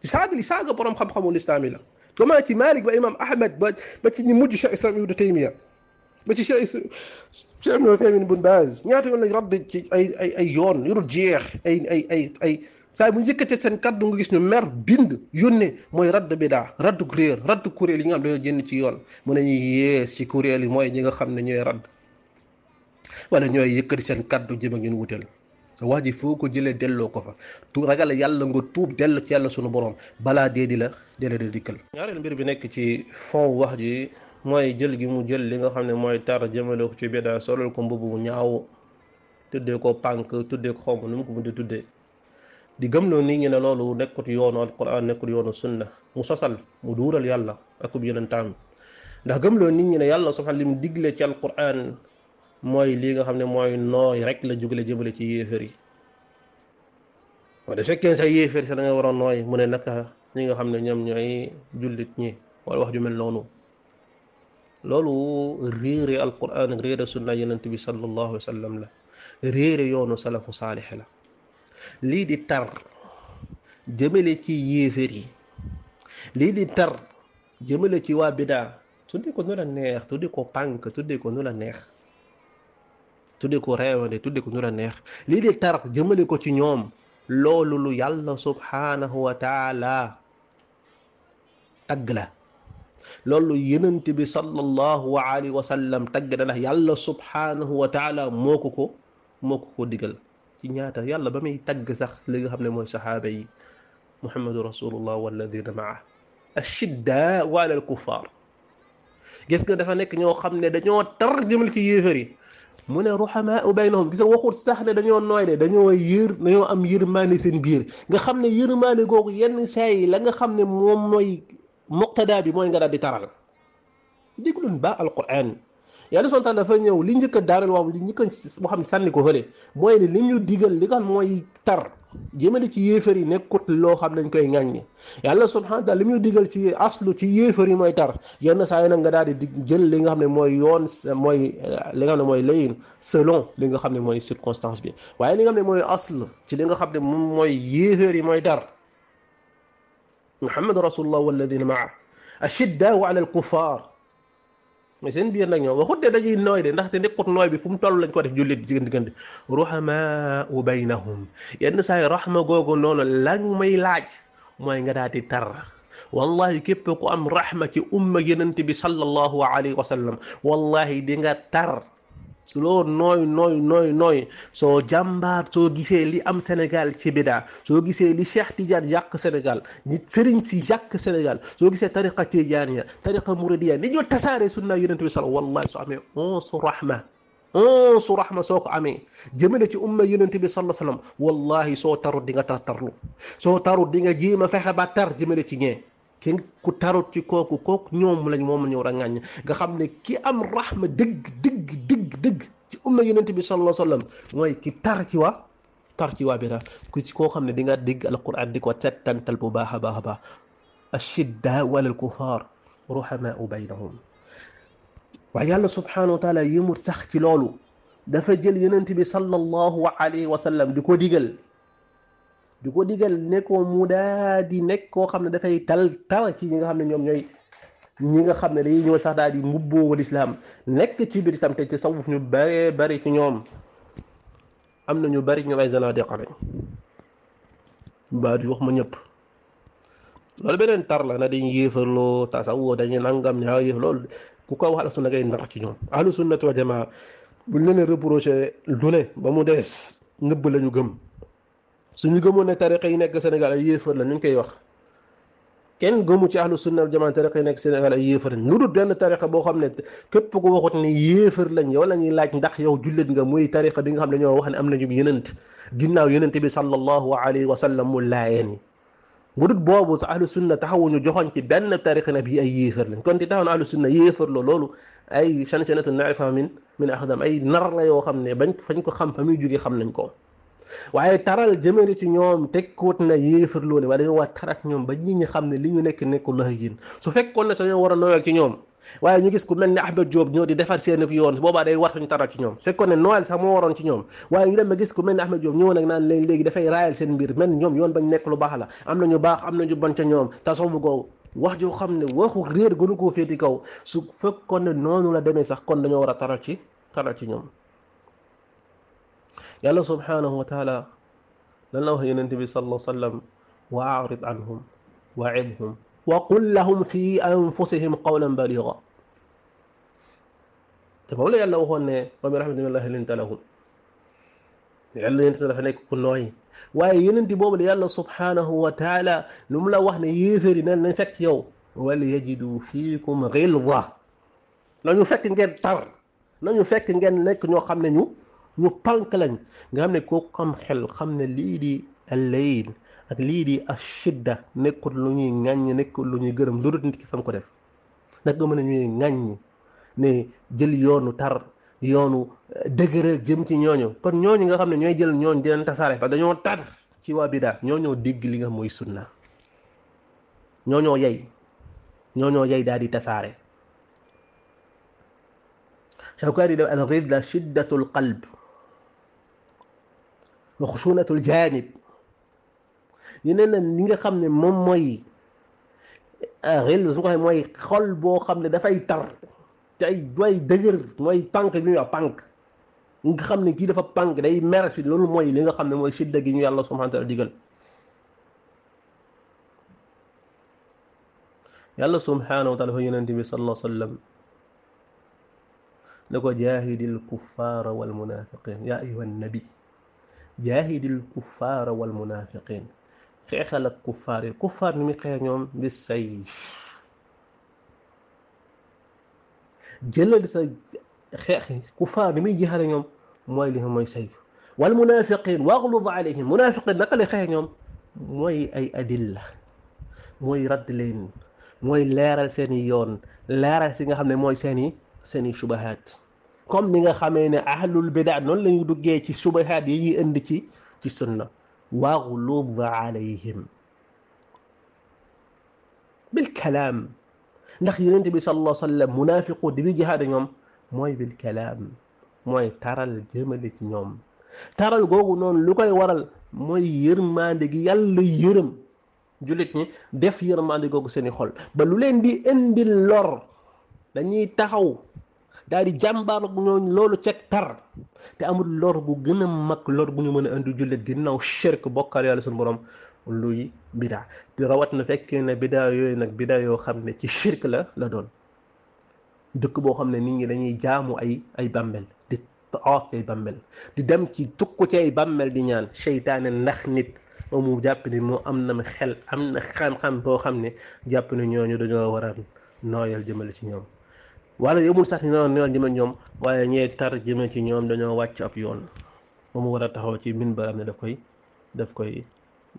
ci saaga li saaga borom xam-xamul islaam yi la ba maa ci Malik ba imam Ahmed ba ba ci ñi mujj Cheikh Islam Ibnu Taymiya ba ci Cheikh Cheikh Ibnu Taymiya Ibn ñaata yoon lañ radd ci ay ay ay yoon yu dul jeex ay ay ay ay saa bu ñu yëkkatee seen kaddu nga gis ñu mer bind yónnee mooy radd bidaa raddu réer raddu kuréel yi nga xam dañoo génn ci yoon mu ne ñuy yees ci kuréel yi mooy ñi nga xam ne ñooy radd wala ñooy yëkkati seen kaddu jëm ak ñun wuteel wax ji foo ko jëlee delloo ko fa tu ragal yàlla nga tuub dellu ci yàlla sunu borom balaa dee di la delloo di dikkal. ñaareel mbir bi nekk ci fond wax ji mooy jël gi mu jël li nga xam ne mooy tar jëmale ko ci biddaa solal ko mbubb mu ñaaw tuddee ko pànk tuddee ko xawma nu mu ko mën di tuddee. di gëm gëmloo nit ñi ne loolu nekkut yoonu alquran nekkut yoonu sunna mu sosal mu duural yàlla akub yeneen taam ndax gëmloo nit ñi ne yàlla subhanahu lim digle mooy li nga xam ne mooy nooy rek la jugale jëmale ci yéefar yi wala fekkee sa yéefar sa da nga waroon nooy mu ne naka ñi nga xam ne ñoom ñooy jullit ñi wala wax ju mel noonu loolu réere alquran ak réere sunna yonent bi sallallahu alayhi wa sallam la réere yoonu salafu saalix la lii di tar jëmale ci yéefar yi lii di tar jëmale ci waa bidaa tudde ko nu la neex tudde ko pànk tudde ko nu la neex tuddé ko rewandé tuddé ko nura neex li di tarax jëmale ko ci ñoom loolu lu yàlla subhanahu wa taala tagg la loolu yenent bi sallallahu alayhi wa sallam tagg na ndax yàlla subhanahu wa taala moo ko ko moo ko ko digal ci ñaata yàlla ba muy tagg sax li nga xam ne mooy saxaaba yi muhammadu rasulullah walladina maa ashiddaa ala alkuffar gis nga dafa nekk ñoo xam ne dañoo tar jëmal ci yéefar yi mu ne ruxamaa u baynahum gis nga waxul sax ne dañoo nooy de dañoo yër dañoo am yërmaane seen biir nga xam ne yërmaane googu yenn saa yi la nga xam ne moom mooy muqtada bi mooy nga daal di taral déglun ba alquran yàlla sontaan dafa ñëw li njëkk daaral waaw li njëkk a wax xam sànni ko fële mooy ne li ñu digal li nga mooy tar jëmale ci yéefar yi nekkut loo xam dañ koy ŋàññi yàlla subhanahu taala li muy digal ci aslu ci yéefar yi mooy tar yenn saa yi nag nga daal di jël li nga xam ne mooy yoon mooy li nga xam ne mooy layin selon li nga xam ne mooy circonstance bi waaye li nga xam ne mooy asl ci li nga xam ne moom mooy yéefar yi mooy tar muhammad rasulullah walladina maa ashidda ashiddaau ala alkufar mais seen biir nag ñoom waxut de dañuy nooy de ndaxte nekkut nooy bi fu mu toll lañ ko def jullit ci diggante ruhamaa u baynahum yenn saa yi rahma googu noonu lan may laaj mooy nga daal di tar wallahi képp ku am rahma ci umma yenent bi sallallahu alayhi wa sallam wallahi di nga tar su loolu nooyu nooyu nooyu so soo jàmbaar soo gisee li am sénégal ci bida soo gisee li cheikh tidiane yàq sénégal nit sëriñ si yàq sénégal soo gisee tariqa tidiane ya tariqa mouridia ni ñu tasaaree sunna yonente bi sal wallahi su amee onze rahma onze rahma soo ko amee jëmale ci umma yonente bi sala sallam wallahi soo taru di nga tar tarlu soo taru di nga jéem a fexe ba tar jëmale ci ñee kenn ku tarut ci kooku kooku ñoom lañ moom la ñu war a ŋàññ nga xam ne ki am rahma dëgg dëgg dëgg dëgg ci umma yonent bi sallallahu alayhi wa sallam mooy ki tar ci wa tar ci waa bi na ku ci koo xam ne di nga dégg alquran di ko settantal bu baax a baax a baax ashidda wala alkufaar ruhamaau baynahum waaye yàlla subhanahu wa taala yëmut sax ci loolu dafa jël yonent bi sallallahu alayhi wa sallam di ko digal di ko digal ne ko mu daa di nekk koo xam ne dafay tal tal ci ñi nga xam ne ñoom ñooy ñi nga xam ne dañuy ñëw sax daal di nekk ci biir islam te ci sawuf ñu bëree bëri ci ñoom am na ñu bëri ci ñoom ay zanadiqa wax ma ñëpp loolu beneen tar la na dañuy yéefarloo tasawoo dañuy nangam ñaa yéef loolu ku ko wax ahlu sunna nar ci ñoom ahlu su wal jamaa buñ leen reproché lu ne ba mu dees nëbb lañu gëm su ñu gëmoon ne tariqa yi nekk Sénégal ay yéefar la ñu koy wax kenn gëmu ci ahlu sunna wal jamaa tariqa yi nekk Sénégal ay yéefar lu dul benn tariqa boo xam ne képp ku waxut ne yéefar lañ ñuy laaj ndax yow jullit nga muy tariqa bi nga xam ne ñoo wax ne am nañu yenant ginnaaw yenant bi sallallahu alayhi wa sallam mu laayeen yi bu dul boobu sa ahlu sunna taxawuñu joxoon ci benn tariqa ne yi ay yéefar lañ kon di taxaw na ahlu sunna yéefar la loolu ay shan-shanatu naifa min min axdam ay nar la yoo xam ne bañ fañ ko xam fa muy jógee xam nañ ko waaye taral jëmale ci ñoom tekkiwut na yéefar loolu waaye dañoo war tarat ñoom ba nit ñi xam ne li ñu nekk nekkul la yéen su fekkoon ne war a noyal ci ñoom waaye ñu gis ku mel ne Ahmed Diop ñëw di defar seen yoon boobaa day war suñu taral ci ñoom fekkoon ne noyal moo waroon ci ñoom waaye ñu dem ba gis ku mel ne Ahmed Diop ñëw nag naan leen léegi dafay raayal seen mbir mel ñoom yoon bañ am na ñu baax na ñu bon ca ñoom tasoo bu googu wax joo xam ne waxu réer gënu koo féeti kaw su fekkoon ne noonu la demee sax kon dañoo war a taral ci taral ci ñoom يا الله سبحانه وتعالى لأنه هي النبي صلى الله عليه وسلم وأعرض عنهم وعدهم وقل لهم في أنفسهم قولا بليغا تفهم لي يالله هو ومن رحمة الله اللي انت لهم يالله ينسلف عليك كل نوعي وين انت بوب لي الله سبحانه وتعالى نملا وحنا يفر ان نفك يو وليجدوا فيكم غلظه لا نفك نغير تار لا نفك نغير نيك ньо خامني نيو ñu pànk lañ nga xam ne koo kom xel xam ne lii di allayl ak lii di ashidda nekkut lu ñuy ŋàññ nekkut lu ñuy gërëm lu dul nit ki fam ko def nag nga mën a ñuy ŋàññ ne jël yoonu tar yoonu euh, dëgëral jëm ci ñooñu kon ñooñu nga xam ne ñooy jël ñooñu di tasaare parce dañoo tar ci waa bidaa ñoo ñoo dégg li nga mooy sunna ñoo ñoo yey ñoo ñoo yey daal di tasaare Shawkaani def al-ghilla shiddatul qalb وخشونة الجانب لأن نيغا خامني موم موي آه، غيل زوكا موي خول بو خامني دا فاي تر تاي دوي دغير موي بانك بي نيو بانك نيغا خامني كي دا فا بانك داي ميرشي لول موي ليغا خامني موي شيد دغ نيو يالله سبحانه وتعالى ديغال يالله سبحانه وتعالى هو ينتمي صلى الله عليه وسلم لكو جاهد الكفار والمنافقين يا ايها النبي جاهد الكفار والمنافقين خيخل الكفار الكفار نمي قيانيوم دي جل دي سي خيخي كفار نمي جهال نيوم موي لهم موي سيف والمنافقين واغلظ عليهم منافقين نقل خيانيوم موي اي ادلة موي رد لين موي ليرال سيني يون ليرال سيني خمني موي سيني سيني شبهات comme ni nga xamee ne ahlul bidaa noonu lañuy duggee ci subahaat yi ñuy indi ci ci sunna wa ghuluw alayhim bil kalaam ndax yonente bi sallallahu alayhi wa sallam munaafiqu di bi jihaada ñoom mooy bil kalaam mooy taral jëmale ñoom taral googu noonu lu koy waral mooy yërmande gi yàlla yërëm jullit ñi def yërmande googu seeni xol ba lu leen di indi lor dañuy taxaw daal di gu ñooñ loolu ceg tar te amul lor gu gën a mag lor bu ñu mën a andi jullit naw shirk bokkal yàlla suñu borom luy bidaa te rawat na fekkee ne biddaa yooyu nag bidaa yoo xam ne ci shirk la la doon dëkk boo xam ne nit ñi dañuy jaamu ay ay bàmmel di tawaaf ci ay bàmmel di dem ci tukk ci ay bàmmel di ñaan seytaane ndax nit moom mu jàpp ne moo am na xel am na xam-xam boo xam ne jàpp ne ñooñu dañoo war a nooyal jëmale ci ñoom wala yëmul sax ni noonu noonu jëme ñoom waaye ñee tar jëme ci ñoom dañoo wàcc ab yoon ba mu war a taxaw ci min baram ne daf koy daf koy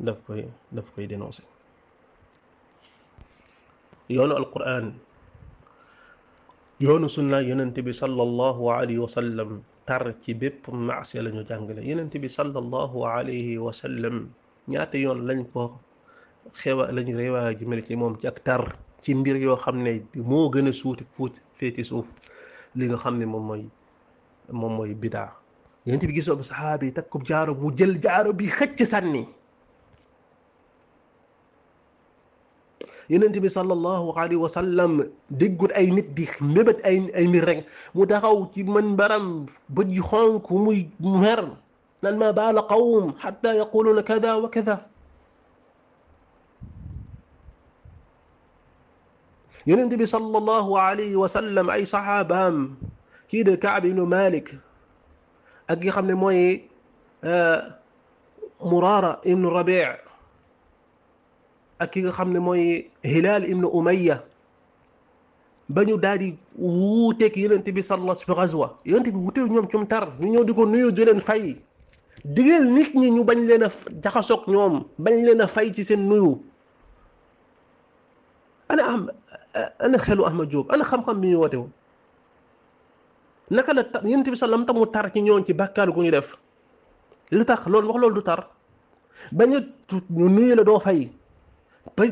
daf koy daf koy dénoncé yoonu alquran yoonu sunna yonent bi sallallahu alayhi wa sallam tar ci bépp maasiya lañu jàngale yonent bi sallallahu alayhi wa sallam ñaata yoon lañ ko xewa lañ réewaa jëmale ci moom ci ak tar ci mbir yo xamne mo moo suuti fuut féeti suuf li nga xamne mom moy mom moy bida yent bi gisoo sahabi takku jaaro mu jël jaaro bi xëcc sànni yonent bi sallallahu alayhi wa sallam déggul ay nit di mébét ay ay mbir rek mu taxaw ci man baram bëj xonku muy mer nan ma bal qawm hatta yaquluna kadha wa kadha yonent bi sallallahu alayhi wa sallam ay saxaabaam kii de Kaab ibnu Malik ak ki xam ne mooy Muraara ibnu Rabic ak ki nga xam ne mooy Hilaal ibnu Umayya ba ñu daal di wuuteeg yonent bi sallallahu alayhi wa sallam gazwa yonent bi wuuteeg ñoom cum tar ñu ñëw di ko nuyu di leen fay digal nit ñi ñu bañ leen a jaxasoog ñoom bañ leen a fay ci seen nuyu ana am ana xelu am Diop ana xam-xam bi ñu woote woon naka la ta yent bi sax lam tamu tar ci ñoon ci bàkkaar gu ñu def lu tax loolu wax loolu du tar bañ a ñu nuyu la doo fay ba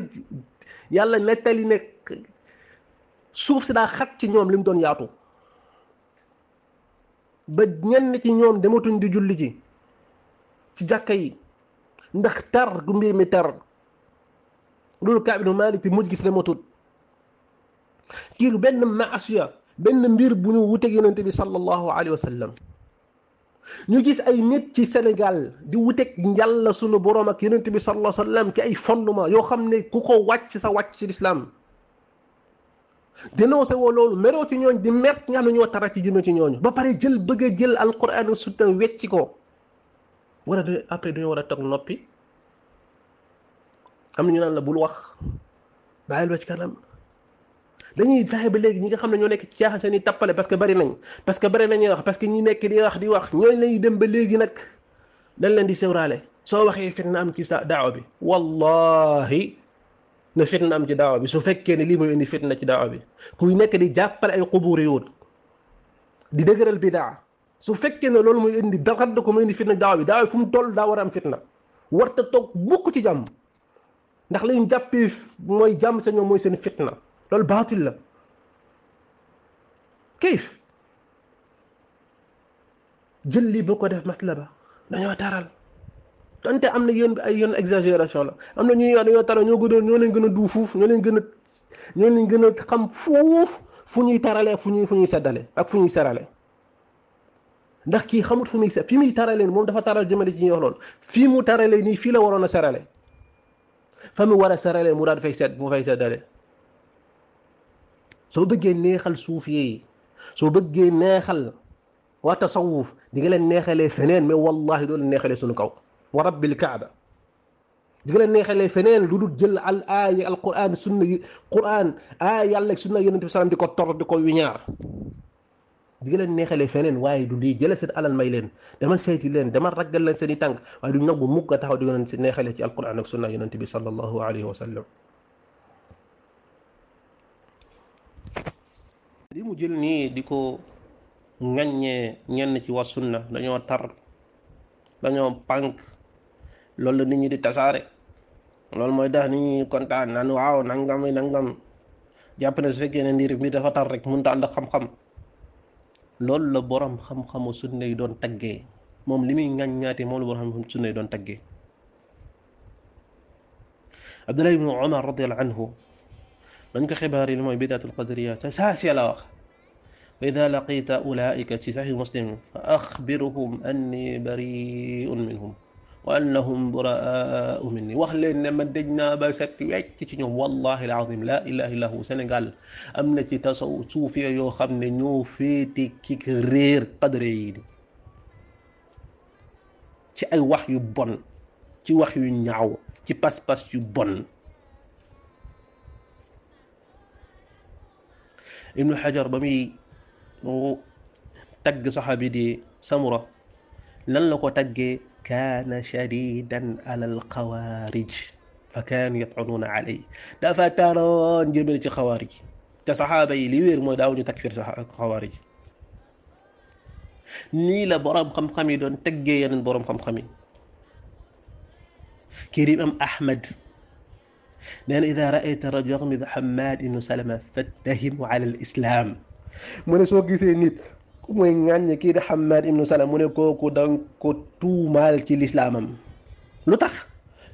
yàlla nettali ne suuf si daa ci ñoom li mu doon yaatu ba ñenn ci dematuñ di julli ji ci jàkka yi ndax tar gu mbir mi tar loolu Kaab ibn Maalik ci mujj gi fi dematut kiilu benn maasiya benn mbir bu ñu wuteeg yonente bi sallallahu alayhi wa ñu gis ay nit ci Sénégal di wuteeg njàlla sunu borom ak yonente bi sallallahu alayhi wa sallam ci ay fondement yoo xam ne ku ko wàcc sa wàcc ci lislaam dénoncé loolu meroo ci ñooñ di mer nga xam ne ñoo tara ci jëme ci ñooñu ba pare jël bëgg a jël alquran sunna wecci ko war a après dañoo war a toog noppi am na ñu naan la bul wax bàyyil ba ci kanam dañuy fexe ba léegi ñi nga xam ne ñoo nekk ci caaxaan seen i tappale parce que bari nañ parce que bari nañuy wax parce que ñi nekk di wax di wax ñooñu lañuy dem ba léegi nag dañ leen di sewraale soo waxee fitna am ci sa daawa bi wallahi na fitna am ci daawa bi su fekkee ne lii mooy indi fitna ci daawa bi kuy nekk di jàppale ay xuburi yoon di dëgëral bidaa su fekkee ne loolu mooy indi dara da ko mooy indi fitna daawa bi daawa bi fu mu toll daa war a am fitna warta toog bukk ci jàmm ndax lañu jàppee mooy jàmm sa ñoom mooy seen fitna loolu baatil la kayif jël lii boo ko def masla ba dañoo taral donte am na yoon ay yoon exagération la am na ñuy yoon dañoo taral ñoo gënoon ñoo leen gën a du foofu ñoo leen gën a ñoo leen gën a xam fuuf fu ñuy tarale ak fu ñuy fu ñuy seddale ak fu ñuy serale ndax kii xamut fu muy se fi muy taralee moom dafa taral jëmale ci fii mu taralee nii fii la waroon a serale fa mu war a serale mu daal fay sedd mu fay seddale so bëggee neexal suufiyé yi soo bëggee neexal wa tasawuf di nga leen neexalee feneen mais wallahi doo leen neexalee suñu kaw wa rabbil kaaba di nga leen neexalee feneen lu dul jël al aaya al quran sunna yi quran aaya yàlla ak sunna yonente bi salaam di ko tor di ko wiñaar di nga leen neexalee feneen waaye du lii jële seen alal may leen dama seeti leen dama raggal leen seen i tànk waaye du nangu mukk taxaw di nga leen neexalee ci quran ak sunna yonente bi sallallahu alayhi wa sallam lii mu jël nii di ko ŋaññee ñenn ci waa sunna dañoo tar dañoo pànk loolu la nit ñi di tasaare loolu mooy tax nit ñi kontaan naan waaw nangam yi nangam jàpp ne su fekkee ne ndiir bi dafa tar rek mënut a ànd xam-xam loolu la borom xam-xamu sunna yi doon taggee moom li muy ŋaññaatee moom la borom xam sunna yi doon taggee Abdullah ibnu Omar radiyallahu anhu من كخبار المعبدة القدرية تساسي الآخر وإذا لقيت أولئك تساه مسلم فأخبرهم أني بريء منهم وأنهم براء مني وخلينا مدجنا بسك والله العظيم لا إله إلا هو سنغال أمنا تتسو في يو خمنا نيو فيتي كرير قدرين تي ay wax بون bon ci wax تي باس باس يو بون ابن حجر بمي بامي تق صحابي دي سمرة لن لكو تاج كان شديدا على الخوارج فكان يطعنون عليه دفا تران جبل خوارج تا صحابي لي مو داو تكفير خوارج ni la خم خمي دون yi doon teggee خم خمي كريم أم أحمد لأن إذا رأيت الرجل يغمض حماد إنه سلم فاتهم على الإسلام من سوقي سينيت وين عني كده حماد إنه سلم من كوكو دان تو مال كي الإسلام لطخ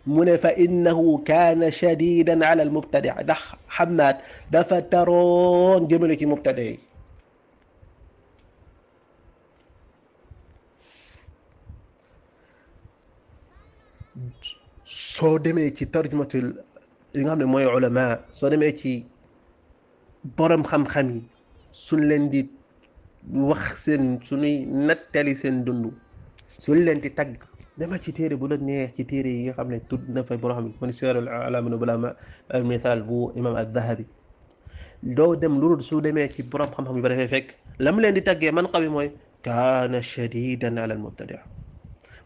من فإنه كان شديدا على المبتدع دخ حماد دفترون جملك مبتدع. so deme ci tarjumatul li nga xam ne mooy ulama soo demee ci borom xam-xam yi suñ leen di wax seen suñuy nattali seen dund suñ leen di tagg dama ci téere bu la neex ci téere yi nga xam ne tudd na fay borom xam ne man sirul alaam nubala al misaal bu imam az-zahabi doo dem lu dul su demee ci borom xam-xam yi ba defee fekk la mu leen di taggee man xawi mooy kaana shadidan ala al mubtadi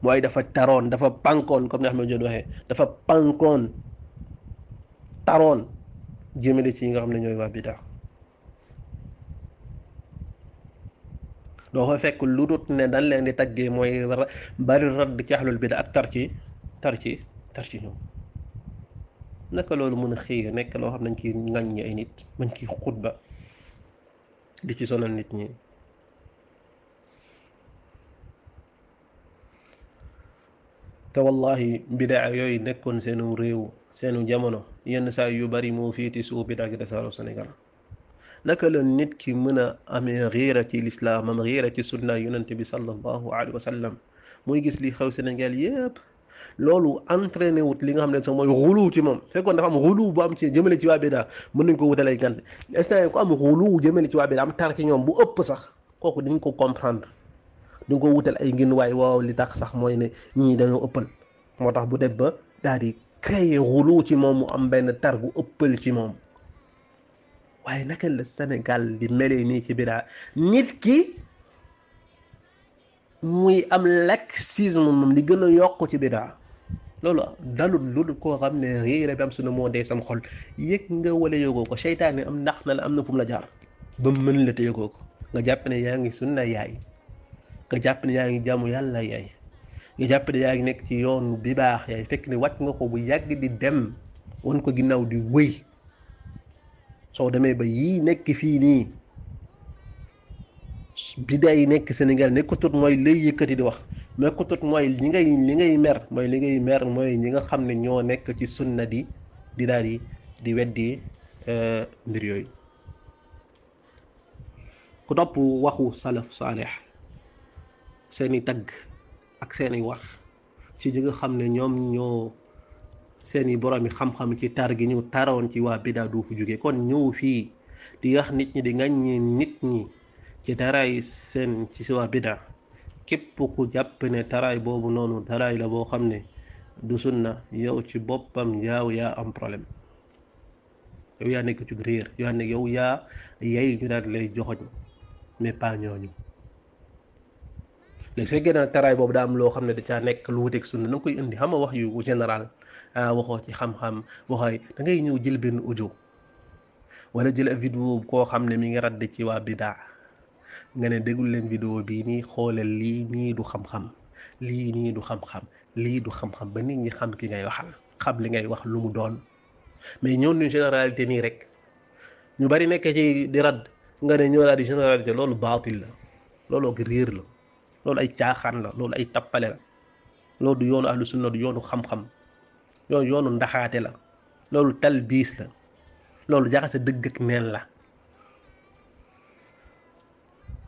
mooy dafa taroon dafa pankoon comme ni Ahmed Dione waxee dafa pankoon taroon jëmale ci yi nga xam ne ñooy waa bidaa doo fa fekk lu dut ne dañ leen di taggee mooy bari radd ci ahlul bidaa ak tar ci tar ci tar ci ñoom naka loolu mën a xëy nekk loo xam nañ ciy ŋàññi ay nit mañ ki xutba di ci sonal nit ñi te wallahi bidaa yooyu nekkoon seenu réew seenu jamono yenn saa yu bari moo féeti suuf bidaa gi tasaaroo Sénégal naka la nit ki mën a amee riira ci am riira ci sunna yonente bi sallallahu alayhi wa sallam muy gis li xew Sénégal yépp loolu entraîné wut li nga xam ne sax mooy xulu ci moom fekkoon dafa am xulu bu am ci jëmale ci waa bidaa mën nañ ko wutalee gante instant ko am xulu jëmale ci waa bidaa am tar ci ñoom bu ëpp sax kooku dañ ko comprendre ñu ngi ko wutal ay ngin waay waaw li tax sax mooy ne ñii dañoo ëppal moo tax bu dem ba daal di créer ci moom mu am benn tar gu ëppal ci moom waaye naka la Sénégal di melee nii ci bidaa nit ki muy am laxisme moom li gën a yokk ci bidaa loolu dalul lu koo xam ne réer bi am sunu moo dee sam xol yëg nga wala yëgoo ko seytaane am ndax na la am na fu la jaar ba mën la te yëgoo ko nga jàpp ne yaa ngi sunna yaay nga jàpp ne yaa ngi jàmm yàlla yaay nga jàpp ne yaa ngi nekk ci yoon bi baax yaay fekk ne wàcc nga ko bu yàgg di dem wan ko ginnaaw di wëy soo demee ba yi nekk fii nii bidaa yi nekk Sénégal nekkatut mooy lay yëkkati di wax nekkatut mooy li nga li ngay mer mooy li ngay mer mooy ñi nga xam ne ñoo nekk ci sunna di di daal di di weddi euh, mbir yooyu ku topp waxu salaf saalih seeni tagg ak seeni wax ci ñi xam ne ñoom ñoo seeni boroomi xam-xam ci tar gi ñu taroon ci waa bidaa du fu jóge kon ñëw fii di wax nit ñi di ngaññi nit ñi ci taraay seen ci si waa bidaa képp ku jàpp ne taraay boobu noonu taraay la boo xam ne du na yow ci boppam yaaw yaa am problème yow yaa nekk ci réer yow yaa nekk yow yaa yey ñu daal lay joxoñ mais pas ñooñu léegi su fekkee ne taraay boobu daa am loo xam ne da caa nekk lu wuteeg sunna na nga koy indi xam nga wax yu général ah, waxoo ci xam-xam waxooy da ngay ñëw jël benn audio wala jël ab vidéo koo xam ne mi ngi radd ci waa bidaa nga ne déglu leen vidéo bii nii xoolal lii nii du xam-xam lii nii du xam-xam lii du xam-xam ba nit ñi xam ki ngay waxal xam li ngay wax lu mu doon mais ñëw ñu généralité nii rek ñu bari nekk ci di radd nga ne ñëw naa di généralité loolu baatil la looloo gi réer la loolu ay caaxaan la loolu ay tappale la loolu du yoonu ahlu sunna du yoonu xam-xam loolu yoonu ndaxaate la loolu talbiis la loolu jaxase dëgg ak neen la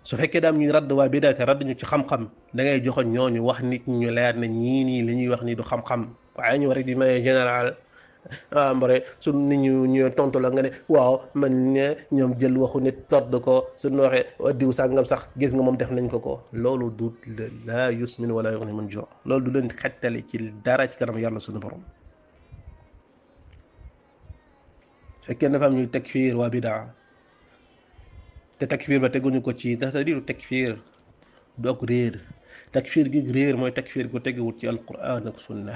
su fekkee daam ñuy radd waa bidaate radd ñu ci xam-xam da ngay joxoon ñooñu wax nit ñu leer ne ñii nii li ñuy wax nii du xam-xam waaye ñu war di maye général ah mbare su nit ñu tontu la nga ne waaw man ñoom jël waxu nit todd ko suñu waxee oh, diw sàngam sax gis nga moom def nañ ko ko loolu du laa yusmin wala yughni min ju' loolu du leen xettali ci dara ci kanam yàlla suñu borom fekkee dafa am ñuy takfir waa bidaa te takfir ba teguñu ko ci dafa diiru takfir du ak réer takfir gi réer mooy takfir gu teguwut ci alquran ak sunna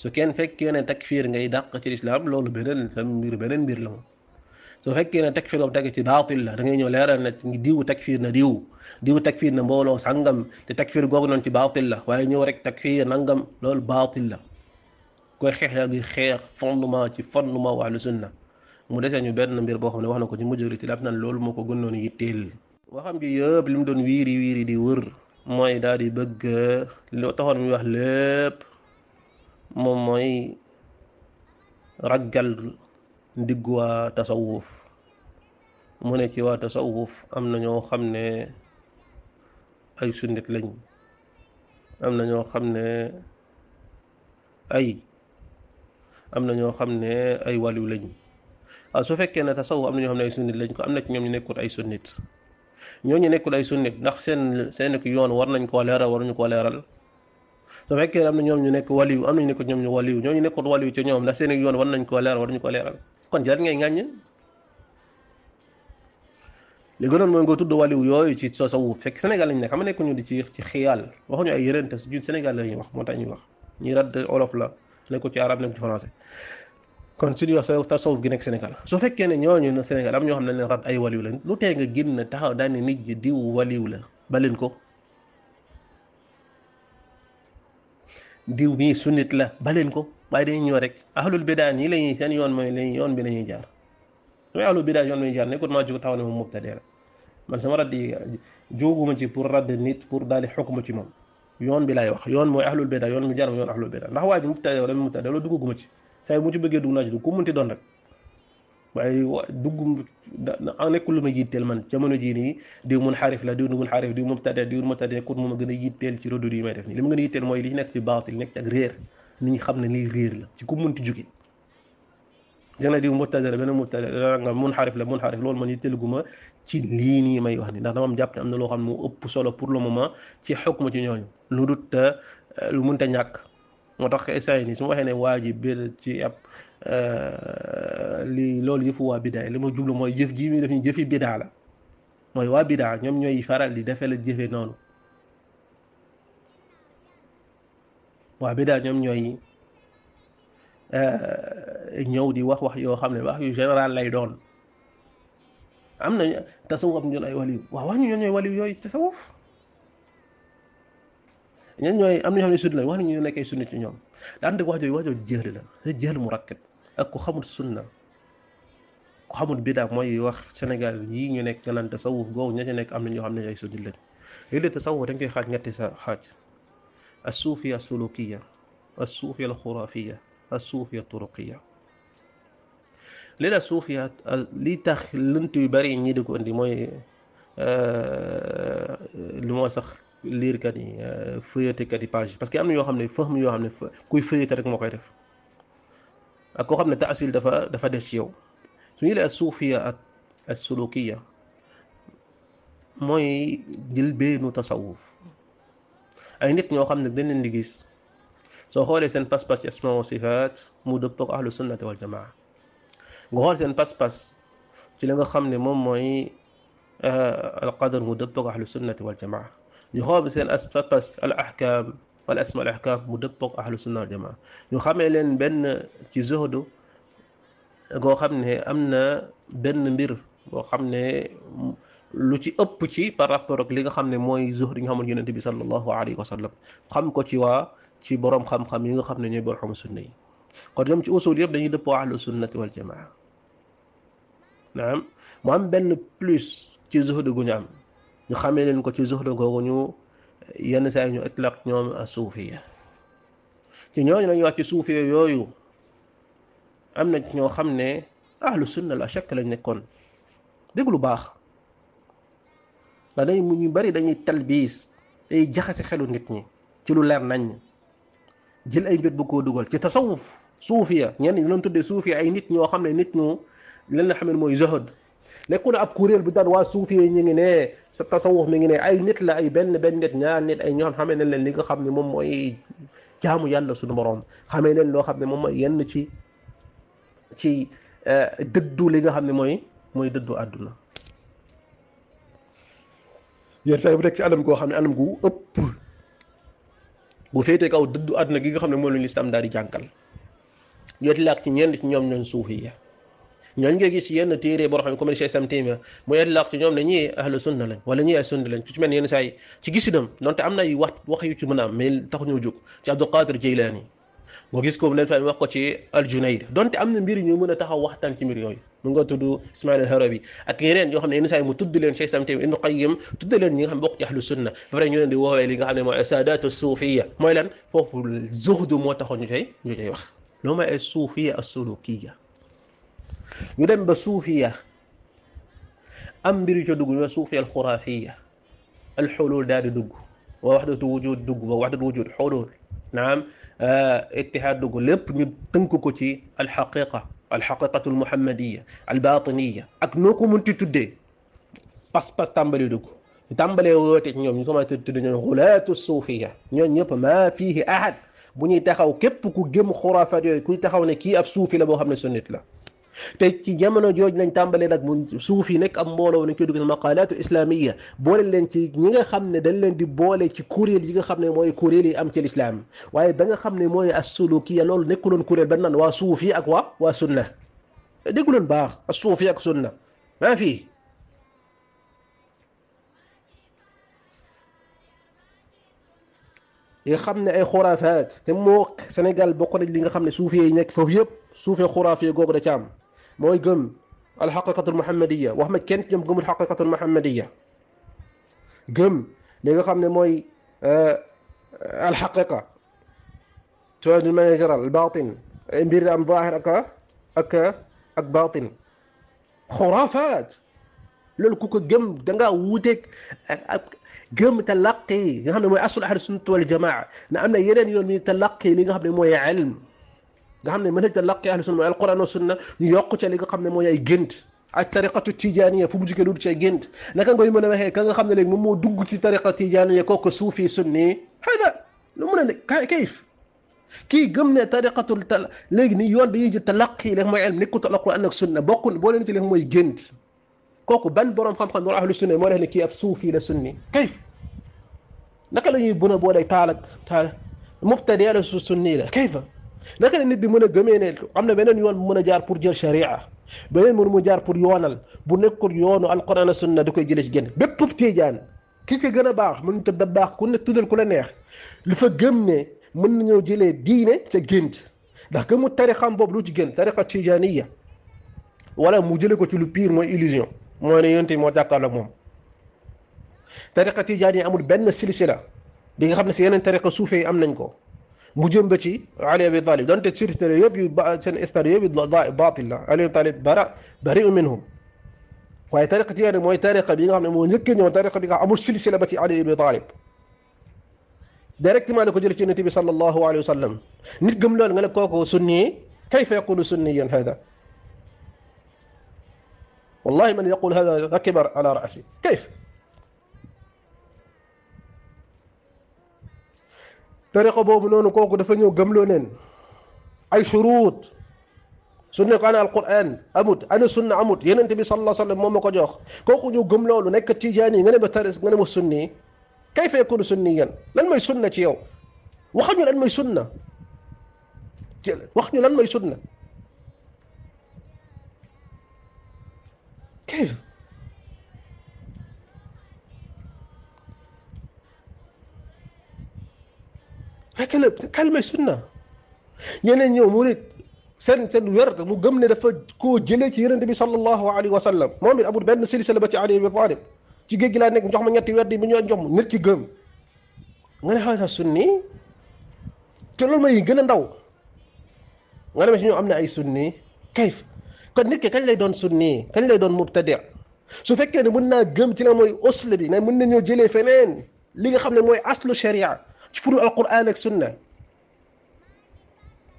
su kenn fekkee ne takfir ngay dàq ci lislaam loolu beneen sa mbir beneen mbir la moom su fekkee ne takfir boobu teg ci baatil la da ngay ñëw leeral ne diw takfir na diw diw takfir na mbooloo sangam te takfir googu noonu ci baatil la waaye ñëw rek takfir nangam loolu baatil la koy xeex yaa ngi xeex fondement ci fondement wa ahlu sunna mu desee ñu benn mbir boo xam ne wax na ko ci majorité la naan loolu moo ko gënoon yitteel waxam ji yëpp li mu doon wiiri wiiri di wër mooy daal di bëgg lu taxoon moom mooy raggal ndiggu waa tasawuf mu ne ci waa tasawuf am na ñoo xam ne ay sunnit lañ am na ñoo xam ne ay am na ñoo xam ne ay waliw lañ waaw su fekkee ne tasawuf am na ñoo xam ne ay sunnit lañ ko am na ci ñoom ñu nekkut ay sunnit ñoo ñu nekkul ay sunnit ndax seen seen yoon war nañ koo war waruñu koo leeral su fekkee am na ñoom ñu nekk waliyu am nañu nekk ñoom ñu waliyu ñooñu nekkut waliyu ci ñoom ndax seen yoon war nañ koo leeral war ko leeral kon jar ngay ŋàññ li gënoon tudd waliyu yooyu ci tasawuf fekk Sénégal lañ nekk xam nga nekkuñu di ci ci xiyaal waxuñu ay yërente ñun Sénégal lañuy wax moo tax ñuy wax ñuy radd olof la nekku ci arab nekku ci français kon suñu wax tasawuf gi nekk Sénégal su fekkee ne ñoo ñu na Sénégal am ñoo xam ne leen radd ay waliyu la lu tee nga génn taxaw daane nit ñi diw waliyu la baleen ko diw mii sunnit la baleen ko waaye dañuy ñëw rek ahlul bidaa nii la ñuy seen yoon mooy la yoon bi la ñuy jaar su may ahlul bidaa yoon bi la ñuy jaar nekkul moom mubtadi man sama radd yi jóguma ci pour radd nit pour daal di xukuma ci moom yoon bi laay wax yoon mooy ahlul bidaa yoon mu jaar mooy yoon ahlul bidaa ndax waa ji mubtadi wala mubtadi loolu dugguma ci saa yi mu ci bëggee dugg naa ci dugg ku munti doon rek nekkul lu ma yitteel man jamono jii nii diw mun xaarif la diw mun xaarif diw mubtada diw mubtada kon moom a gën a yitteel ci rodu yi may def nii li ma gën a yitteel mooy li nekk ci baatil nekk ci ak réer nit ñi xam ne lii réer la ci ku munti jóge jana diw mubtada la benn mubtada la nga mun xaarif la mun xaarif loolu man yitteelu guma ci lii nii may wax ni ndax dama am jàpp ne am na loo xam ne moo ëpp solo pour le moment ci xukma ci ñooñu lu dut lu munta ñàkk moo tax saa yi nii su ma waxee ne waa ji ci ab Euh, li loolu yëfu waa bidaa li ma jublu mooy jëf jii muy def ñu jëfi bidaala mooy waa bidaa ñoom ñooy faral di defee la jëfe noonu waa bidaa ñoom ñooy euh, ñëw di wax wax yoo xam ne wax yu général lay doon am na tasawuf am ñun ay waliw waaw wax ñu ñoom ñooy waliw yooyu tasawuf ñoom ñooy am na ñoo xam ne sunni lañ wax ñu nekkee sunni ci ñoom لعندك واحد يواجه الجهل ده الجهل مركب اكو خمر السنه ku xamul bidaa mooy سنة sénégal yi ñu nekk galan tasawuf googu ña ca nekk am na ñoo xam ne ay sunni lañ léegi tasawuf dañ koy الصوفية السلوكية الصوفية الخرافية الصوفية الطرقية للا الصوفية لي تخ لنتو بري ني ديكو اندي موي أه... لموسخ lire kat yi feuilleté kat yi page parce que amna yo xamné xam yo xamné kuy feuilleté rek mokay def ak ko xamné ta'sil dafa dafa dess ci yow suñu ñu la suufiya ak ak sulukiya mooy njëlbeenu tasawuf ay nit ñoo xamné dañ leen di gis so xolé sen pass pass ci asma wa sifat mu dëppoog ahlu sunnati wal jamaa go xool sen pass pass ci la nga xamné mom moy القدر مدبر أهل السنة والجماعة يخابس الأسفقس الأحكام والأسماء الأحكام مدبق أهل السنة والجماعة يخامي لين بن تزهدو غو خامنه أمنا بن مير غو خامنه لوتي أبتي برابر لغا خامنه موي زهد نحمل ينتي بي صلى الله عليه وسلم خام كو تيوا تي بروم خام خام يغا خامنه نيبور خام السنة قد يوم تي أصول يبدأ يدبو أهل السنة والجماعة نعم مهم بن بلس تزهدو غنعمه ñu xamee leen ko ci zuhd googu ñu yenn saa ñu itlaq ñoom suufiya ci ñooñu lañuy wax ci suufiya yooyu am na ñoo xam ne ahlu sunna la shakk lañ nekkoon dégg lu baax da day mu ñu bari dañuy talbiis ay jaxase xelu nit ñi ci lu leer nañ jël ay mbir bu ko dugal ci tasawuf suufiya ñenn ñu leen tuddee suufiya ay nit ñoo xam ne nit ñu leen na xam mooy zuhd nekku na ab kuréel bu daan waa suufiyee ñu ngi ne sa tasawuf mi ngi ne ay nit la ay benn benn nit ñaar nit ay ñoo xamee ne leen li nga xam ne moom mooy jaamu yàlla suñu borom xamee leen loo xam ne moom mooy yenn ci ci euh, dëddu li nga xam ne mooy mooy dëddu àdduna yenn saa bu rek ci anam goo xam ne anam gu ëpp bu féetee kaw dëddu àdduna gi nga xam ne mooy lu lislaam daal di jànkal yéetlaak ci ñenn ci ñoom ñooñ suufiya ñooñ nga gis yenn téere boo xam ne comme Cheikh Islam Taymiyya muy itlaq ci ñoom ne ñii ahlu sunna lañ wala ñii ay ci mel ni yenn am na ay wax wax yu ci mën a am mais tax ñoo jóg ci Abdul Qadir Jeylaani boo gis ko leen fay wax ko ci al Junayd donte am na mbir ñu mën a taxaw waxtaan ci mbir yooyu mu nga tudd Ismaïl al-Harawi ak yeneen yoo xam ne yenn saa yi tudd leen Cheikh Islam Taymiyya Ibnu Qayyim tudd leen ñi nga xam bokk ci ahlu sunna ba pare ñu leen di woowee li nga mooy saadaatu suufiya mooy lan moo taxoon ñu cay ñu cay wax loo may ay suufiya as-sulukiya ñu dem ba suufiya am mbir yu ca dugg ñu ووحدة suufiya alxuraafiya alxulul daal di dugg wa waxdatu wujud dugg waxdatu wujud xulul naam اتحاد دوغو لب نتنكو تنكو الحقيقه الحقيقه المحمديه الباطنيه اك نوكو مونتي تودي بس بس تامبالي دغ تامبالي ووتي نيوم نيوم سما نيوم غلات الصوفيه نيوم نيوم ما فيه احد بني تخاو كيب كو جيم خرافة يوي كو تخاو نكي كي اب صوفي لا بو لا te ci jamono jooj nañ tàmbalee nag mu suuf yi nekk am mbooloo nañ koy dugal maqalaatu islamiya boole leen ci ñi nga xam ne dañ leen di boole ci kuréel yi nga xam ne mooy kuréel yi am ci lislaam waaye ba nga xam ne mooy assulukiya loolu nekkuloon kuréel ba naan waa suufi ak waa waa sunna dégguloon baax as-suuf yi ak sunna maa fii yi nga xam ne ay xuraafaat te moo senegal bokk nañ li nga xam ne suufee yi nekk foofu yëpp suufee xuraafee googu da ca am موي جم الحقيقة المحمدية وهم كانت جم الحقيقة المحمدية قم لقى خمنا موي آه الحقيقة تعود المناجر الباطن امبير ام ظاهر اكا اكا اك باطن خرافات لول كوك قم دنقا ووتك قم تلقي نحن موي اصل احد السنة والجماعة نعمنا يرن يوم تلقي لقى خمنا موي علم nga xam ne mën a talaqi ahlu sunna mooy alquran wa sunna ñu yokk ca li nga xam ne mooy ay gént ak tariqatu tijaaniya fu mu jugee dul ci ay gént naka ngay mën a waxee ka nga xam ne léegi moom moo dugg ci tariqa tijaaniya kooku suufi sunni hada lu mën a ne ka kayif kii gëm ne tariqatul tal léegi ni yoon bi ñuy ji talaqi leen mooy ilm nekkut alquran ak sunna bokkul boo leen ci leen mooy gént kooku ban borom xam-xam wala ahlu sunna moo def ne kii ab suufi la sunni kayif naka la ñuy buna boolee taal ak taal mubtadi la su sunni la kayfa naka la nit mën a gëme ne am na beneen yoon bu mën a jaar pour jël sharia beneen mënu jaar pour yoonal bu nekkul yoonu alquran sunna da koy jëlee ci génn bépp tiijaan ki ko gën a baax mën tëdd a baax ku ne tuddal ku la neex li fa gëm ne mën nañoo jëlee diine ca gént ndax gëmu tarixam boobu lu ci génn tariqa tijaaniya walla mu jële ko ci lu piir mooy illusion mooy ne yonte moo jàkkaarloog moom tariqa tijaaniya amul benn silsila bi nga xam ne si yeneen tariqa suufee yi am nañ ko مجنبتي علي ابي طالب ده انت تصير تريب سن استريب باطل علي ابي طالب برا بريء منهم وهي طريقة تيار موي طريقة بينا من ممكن يوم طريقة بينا امر سلسلة بتي علي ابي طالب دايركت مالك جلت النبي صلى الله عليه وسلم نجم له نقول كوكو سني كيف يقول سنيا هذا والله من يقول هذا اكبر على راسي كيف tariqa boobu noonu kooku dafa ñëw gëmloo leen ay shuruut su ne ko ana alquran amut ana sunna amut yenente bi sallallahu alayhi wa moom ma ko jox kooku ñu gëm loolu nekk tijaan yi nga ne ma taris nga ne ma sunni kayfa yakunu sunniyan lan mooy sunna ci yow wax ñu lan mooy sunna wax ñu lan mooy sunna kayf kalmay sunna ñeneen ñëw mu ne seen seen werd mu gëm ne dafa koo jëlee ci yonente bi sallallahu alayhi wa sallam moom it amul benn silsila ba ci ali bi talib ci géej gi laa nekk jox ma ñetti werd yi bu ñoo jox nit ki gëm nga ne xawsa sunni te loolu may gën a ndaw nga demee si ñoom am na ay sunni kayf kon nit ki kañ lay doon sunni kañ lay doon mubtadi su fekkee ne mën naa gëm ci la mooy usle bi ne mën nañoo jëlee feneen li nga xam ne mooy aslu sharia تفر القرآن السنة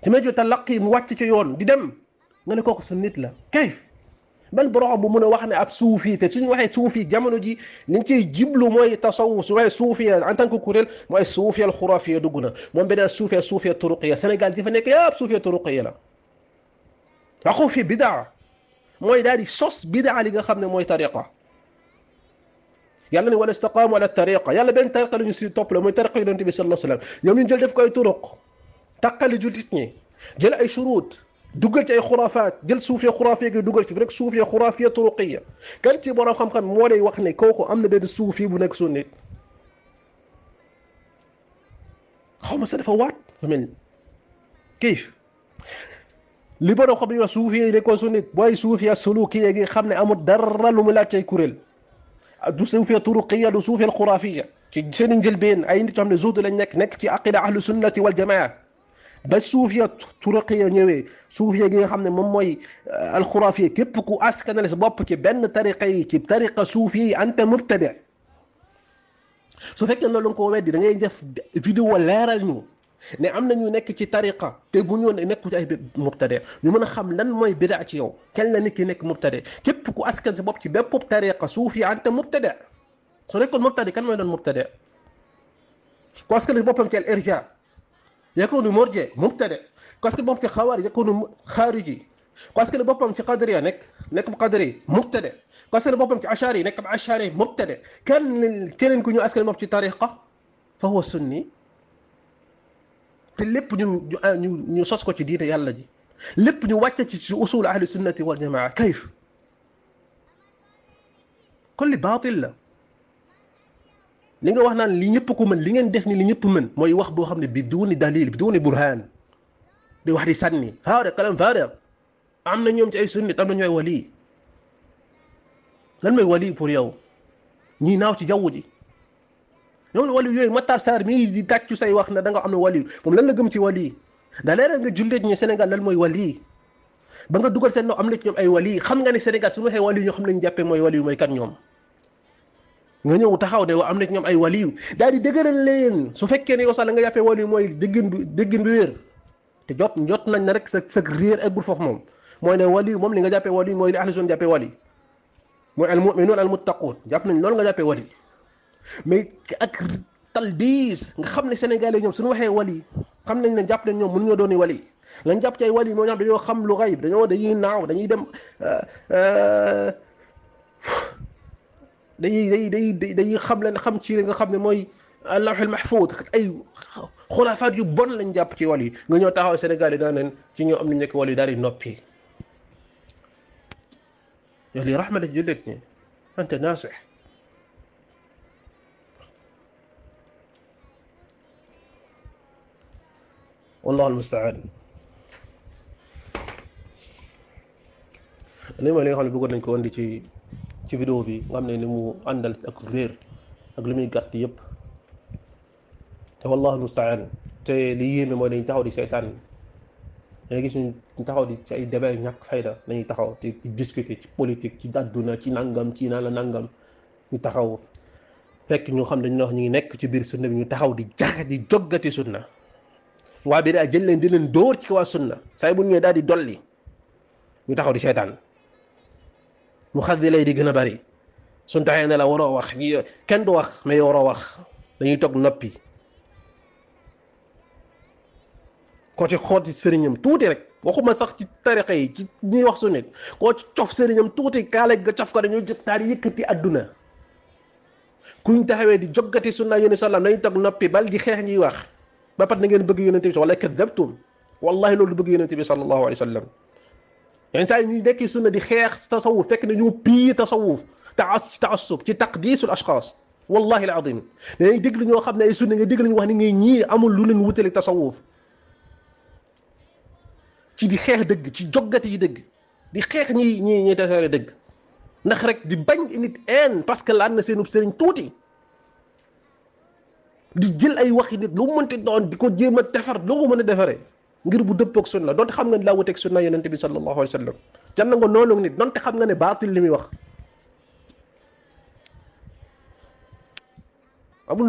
تمجو تلقي موتي تيون دي دم نغني كوكو سنت لا كيف بل برو ابو مونا واخنا اب صوفي تي سوني واخي صوفي جامونو جي نينتي جيبلو موي تصوف واخي صوفي ان تانكو كوريل موي صوفي الخرافيه دغنا موم بدا صوفي صوفي الطرقيه سنغال دي فنيك يا اب صوفي الطرقيه لا اخو في بدع موي داري صوص بدع لي خا خامني موي طريقه yàlla ne wala istaqaamu ala tariqa yàlla benn tariqa la ñu si topp la mooy tariqa yonente bi sallallahu alayhi wa sallam ñoom ñu jël def ko ay turuq taqali jullit ñi jël ay shuruut duggal ci ay xuraafaat jël suuf ya xuraafiya gi duggal ci rek suuf ya xuraafiya turuqiya kan ci borom xam-xam moo lay wax ne kooku am na benn suufi bu nekk sunnit xaw ma sa dafa waat lu mel ni kayif li borom xam yi wax suufi yi nekkoon sunnit booy suufi ya sulukiya gi xam ne amul dara lu mu laaj ci ay kuréel تسلم فيها طرقيه لصوفيا الخرافيه كيجسن جلبين عين تهم زود لنك نكتي عقيده اهل السنه والجماعه بس صوفيا طرقيه نيوي صوفيا جي خامن موموي آه، الخرافيه كيبكو اسكن الاسباب كي بن طريقي كي بطريقه صوفيه انت مبتدع سو فكنا لونكو ويدي دا ngay فيديو ولا leral ñu ne am na ñu nekk ci tariqa te bu ñu nekku ci ay mubtada ñu mëna xam lan moy bida ci yow kel la nit ki nekk mubtade képp ku askan sa bop ci bépp tariqa sufi anta mubtada so rek nekkoon mubtada kan moy doon mubtada ko askan sa boppam ci al irja yakunu morje mubtada ko askan bop ci khawari ya ko yakunu khariji ko askan bopam ci qadri ya nekk nekk bu qadri mubtada ko askan bopam ci ashari nekk bu ashari mubtada kan kenen ku ñu askan bop ci tariqa fa huwa sunni te lépp ñun ah, ñu ñu sos ko ci diine yàlla ji lépp ñu wàcce ci ci usul ahli sunnati wal jamaa kayf kon li baatil la li nga wax naan li ñëpp ku mën li ngeen def ni li ñëpp mën mooy wax boo xam ne bi duuni dalil bi duuni burhaan di wax di sànni faare kalam faare am na ñoom ci ay sunnit am na ñooy wali lan mooy wali pour yow ñii naaw ci jaww ji ñoom wàllu yooyu Matar Sarr mii di tàccu say wax na danga am na wàllu moom lan la gëm ci wàllu yi daa leeral nga jullit ñi Sénégal lan mooy wàllu yi ba nga dugal seen am na ci ay wàllu yi xam nga ne Sénégal suñu waxee wàllu yi ñoo xam nañu jàppee mooy wàllu yi mooy kat ñoom ñëw taxaw ne waa am na ci ñoom ay wàllu yi daal di dëgëral su fekkee ne yow sax la nga jàppee wàllu yi mooy déggin bi déggin te jot jot nañ na rek sa sa réer eggul foofu moom mooy ne wàllu yi moom li nga jàppee mooy li ahlu sunna jàppee wàllu yi mooy al muminuun al jàpp nañ loolu nga jàppee wàllu yi mais ak talbiis nga xam ne senegali ñoom suñu waxee wali xam nañ ne jàpp nañ ñoom mënuñoo doon wali lañ jàpp ci ay wali moo ñu xam xam lu xayb dañoo dañuy naaw dañuy dem euh, euh, dañuy day day dañuy xam leen xam ci li nga xam ne mooy lawxil mahfuud ay xulaafaat yu bon lañ jàpp ci wali nga ñëw taxaw sénégalais daan leen ci ñoo am nañ nekk wali daal di noppi yow lii la jullit ñi anta naasix wallaahu almustaan li mooy li nga xam ne bëggoon nañ ko indi ci ci vidéo bi nga xam ne ni mu àndal ak réer ak lu muy gàtt yépp te wallaahu almustaan te li yéeme mooy dañuy taxaw di seytaan dañuy gis ñu taxaw di ci ay débat ñàkk fayda dañuy taxaw te ci discuter ci politique ci àdduna ci nangam ci naan la nangam ñu taxaw fekk ñu xam dañu wax ñu ngi nekk ci biir sunna bi ñu taxaw di jaxe di joggati sunna waa bidaa jël leen di leen dóor ci waa sunna saa bu ñëwee daal di dolli ñu taxaw di seetaan mu xas di lay di gën a bari suñ taxee ne la waroo wax kenn du wax mais waroo wax dañuy toog noppi ko ci xooti sëriñam tuuti rek waxuma sax ci tariqa yi ci ñuy wax su nit koo ci cof sëriñam tuuti kaale ga cof ko dañu jëg taal yëkkati àdduna kuñ taxawee di joggati sunna yéen sallam dañuy toog noppi bal di xeex ñuy wax ba pat na ngeen bëgg yonente bi wala kadabtum wallahi loolu bëgg yonente bi sallallahu alayhi wa sallam يعني ساعات ذاك السنه دي خير تصوف فاكر انه بي تصوف تعصب تي تقديس الاشخاص والله العظيم يعني ديغ نيو خامنا اي سنه ديغ نيو واخني ني يعني ني امول لو لين ووتالي تصوف تي دي خير دغ تي جوغاتي دغ دي خير ني ني ني تاساري دغ نخ رك دي باغ نيت ان باسكو لان سينو سيرين توتي di jël ay waxi nit lu mënti doon di ko jéem a defar lu ko mën a defaree ngir bu dëppoog sunna donte xam nga ne laa wuteeg sunna yonent bi sallallahu alayhi wa sallam janna nga noonu nit donte xam nga ne baatil li muy wax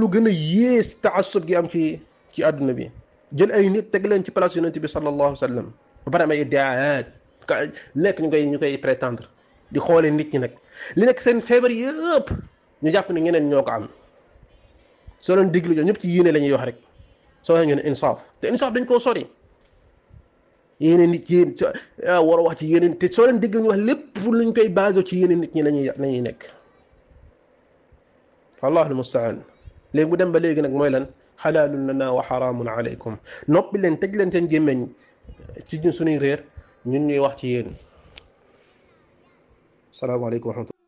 lu gën a yées taasub gi am ci ci àdduna bi jël ay nit teg leen ci place yonent bi sallallahu alayhi wa sallam ba pare am ay iddiaat nekk ñu koy ñu koy prétendre di xoolee nit ñi nag li nekk seen feebar yëpp ñu jàpp ne ñeneen ñoo ko am soo leen déglu ñoom ñëpp ci yéene la ñuy wax rek soo ñu ne insaaf te insaaf dañ koo sori yéene nit yéen ah, war wax ci yéene te soo wax lépp fu luñ koy basé ci yéene nit ñi lañuy lañuy nekk wallahu almustaan léegi mu dem ba léegi nag mooy lan xalaalun lana wa xaraamun aleykum noppi leen tëj leen seen gémmeñ ci ñun suñuy réer ñun ñuy wax ci yéen salaamaaleykum wa rahmatullah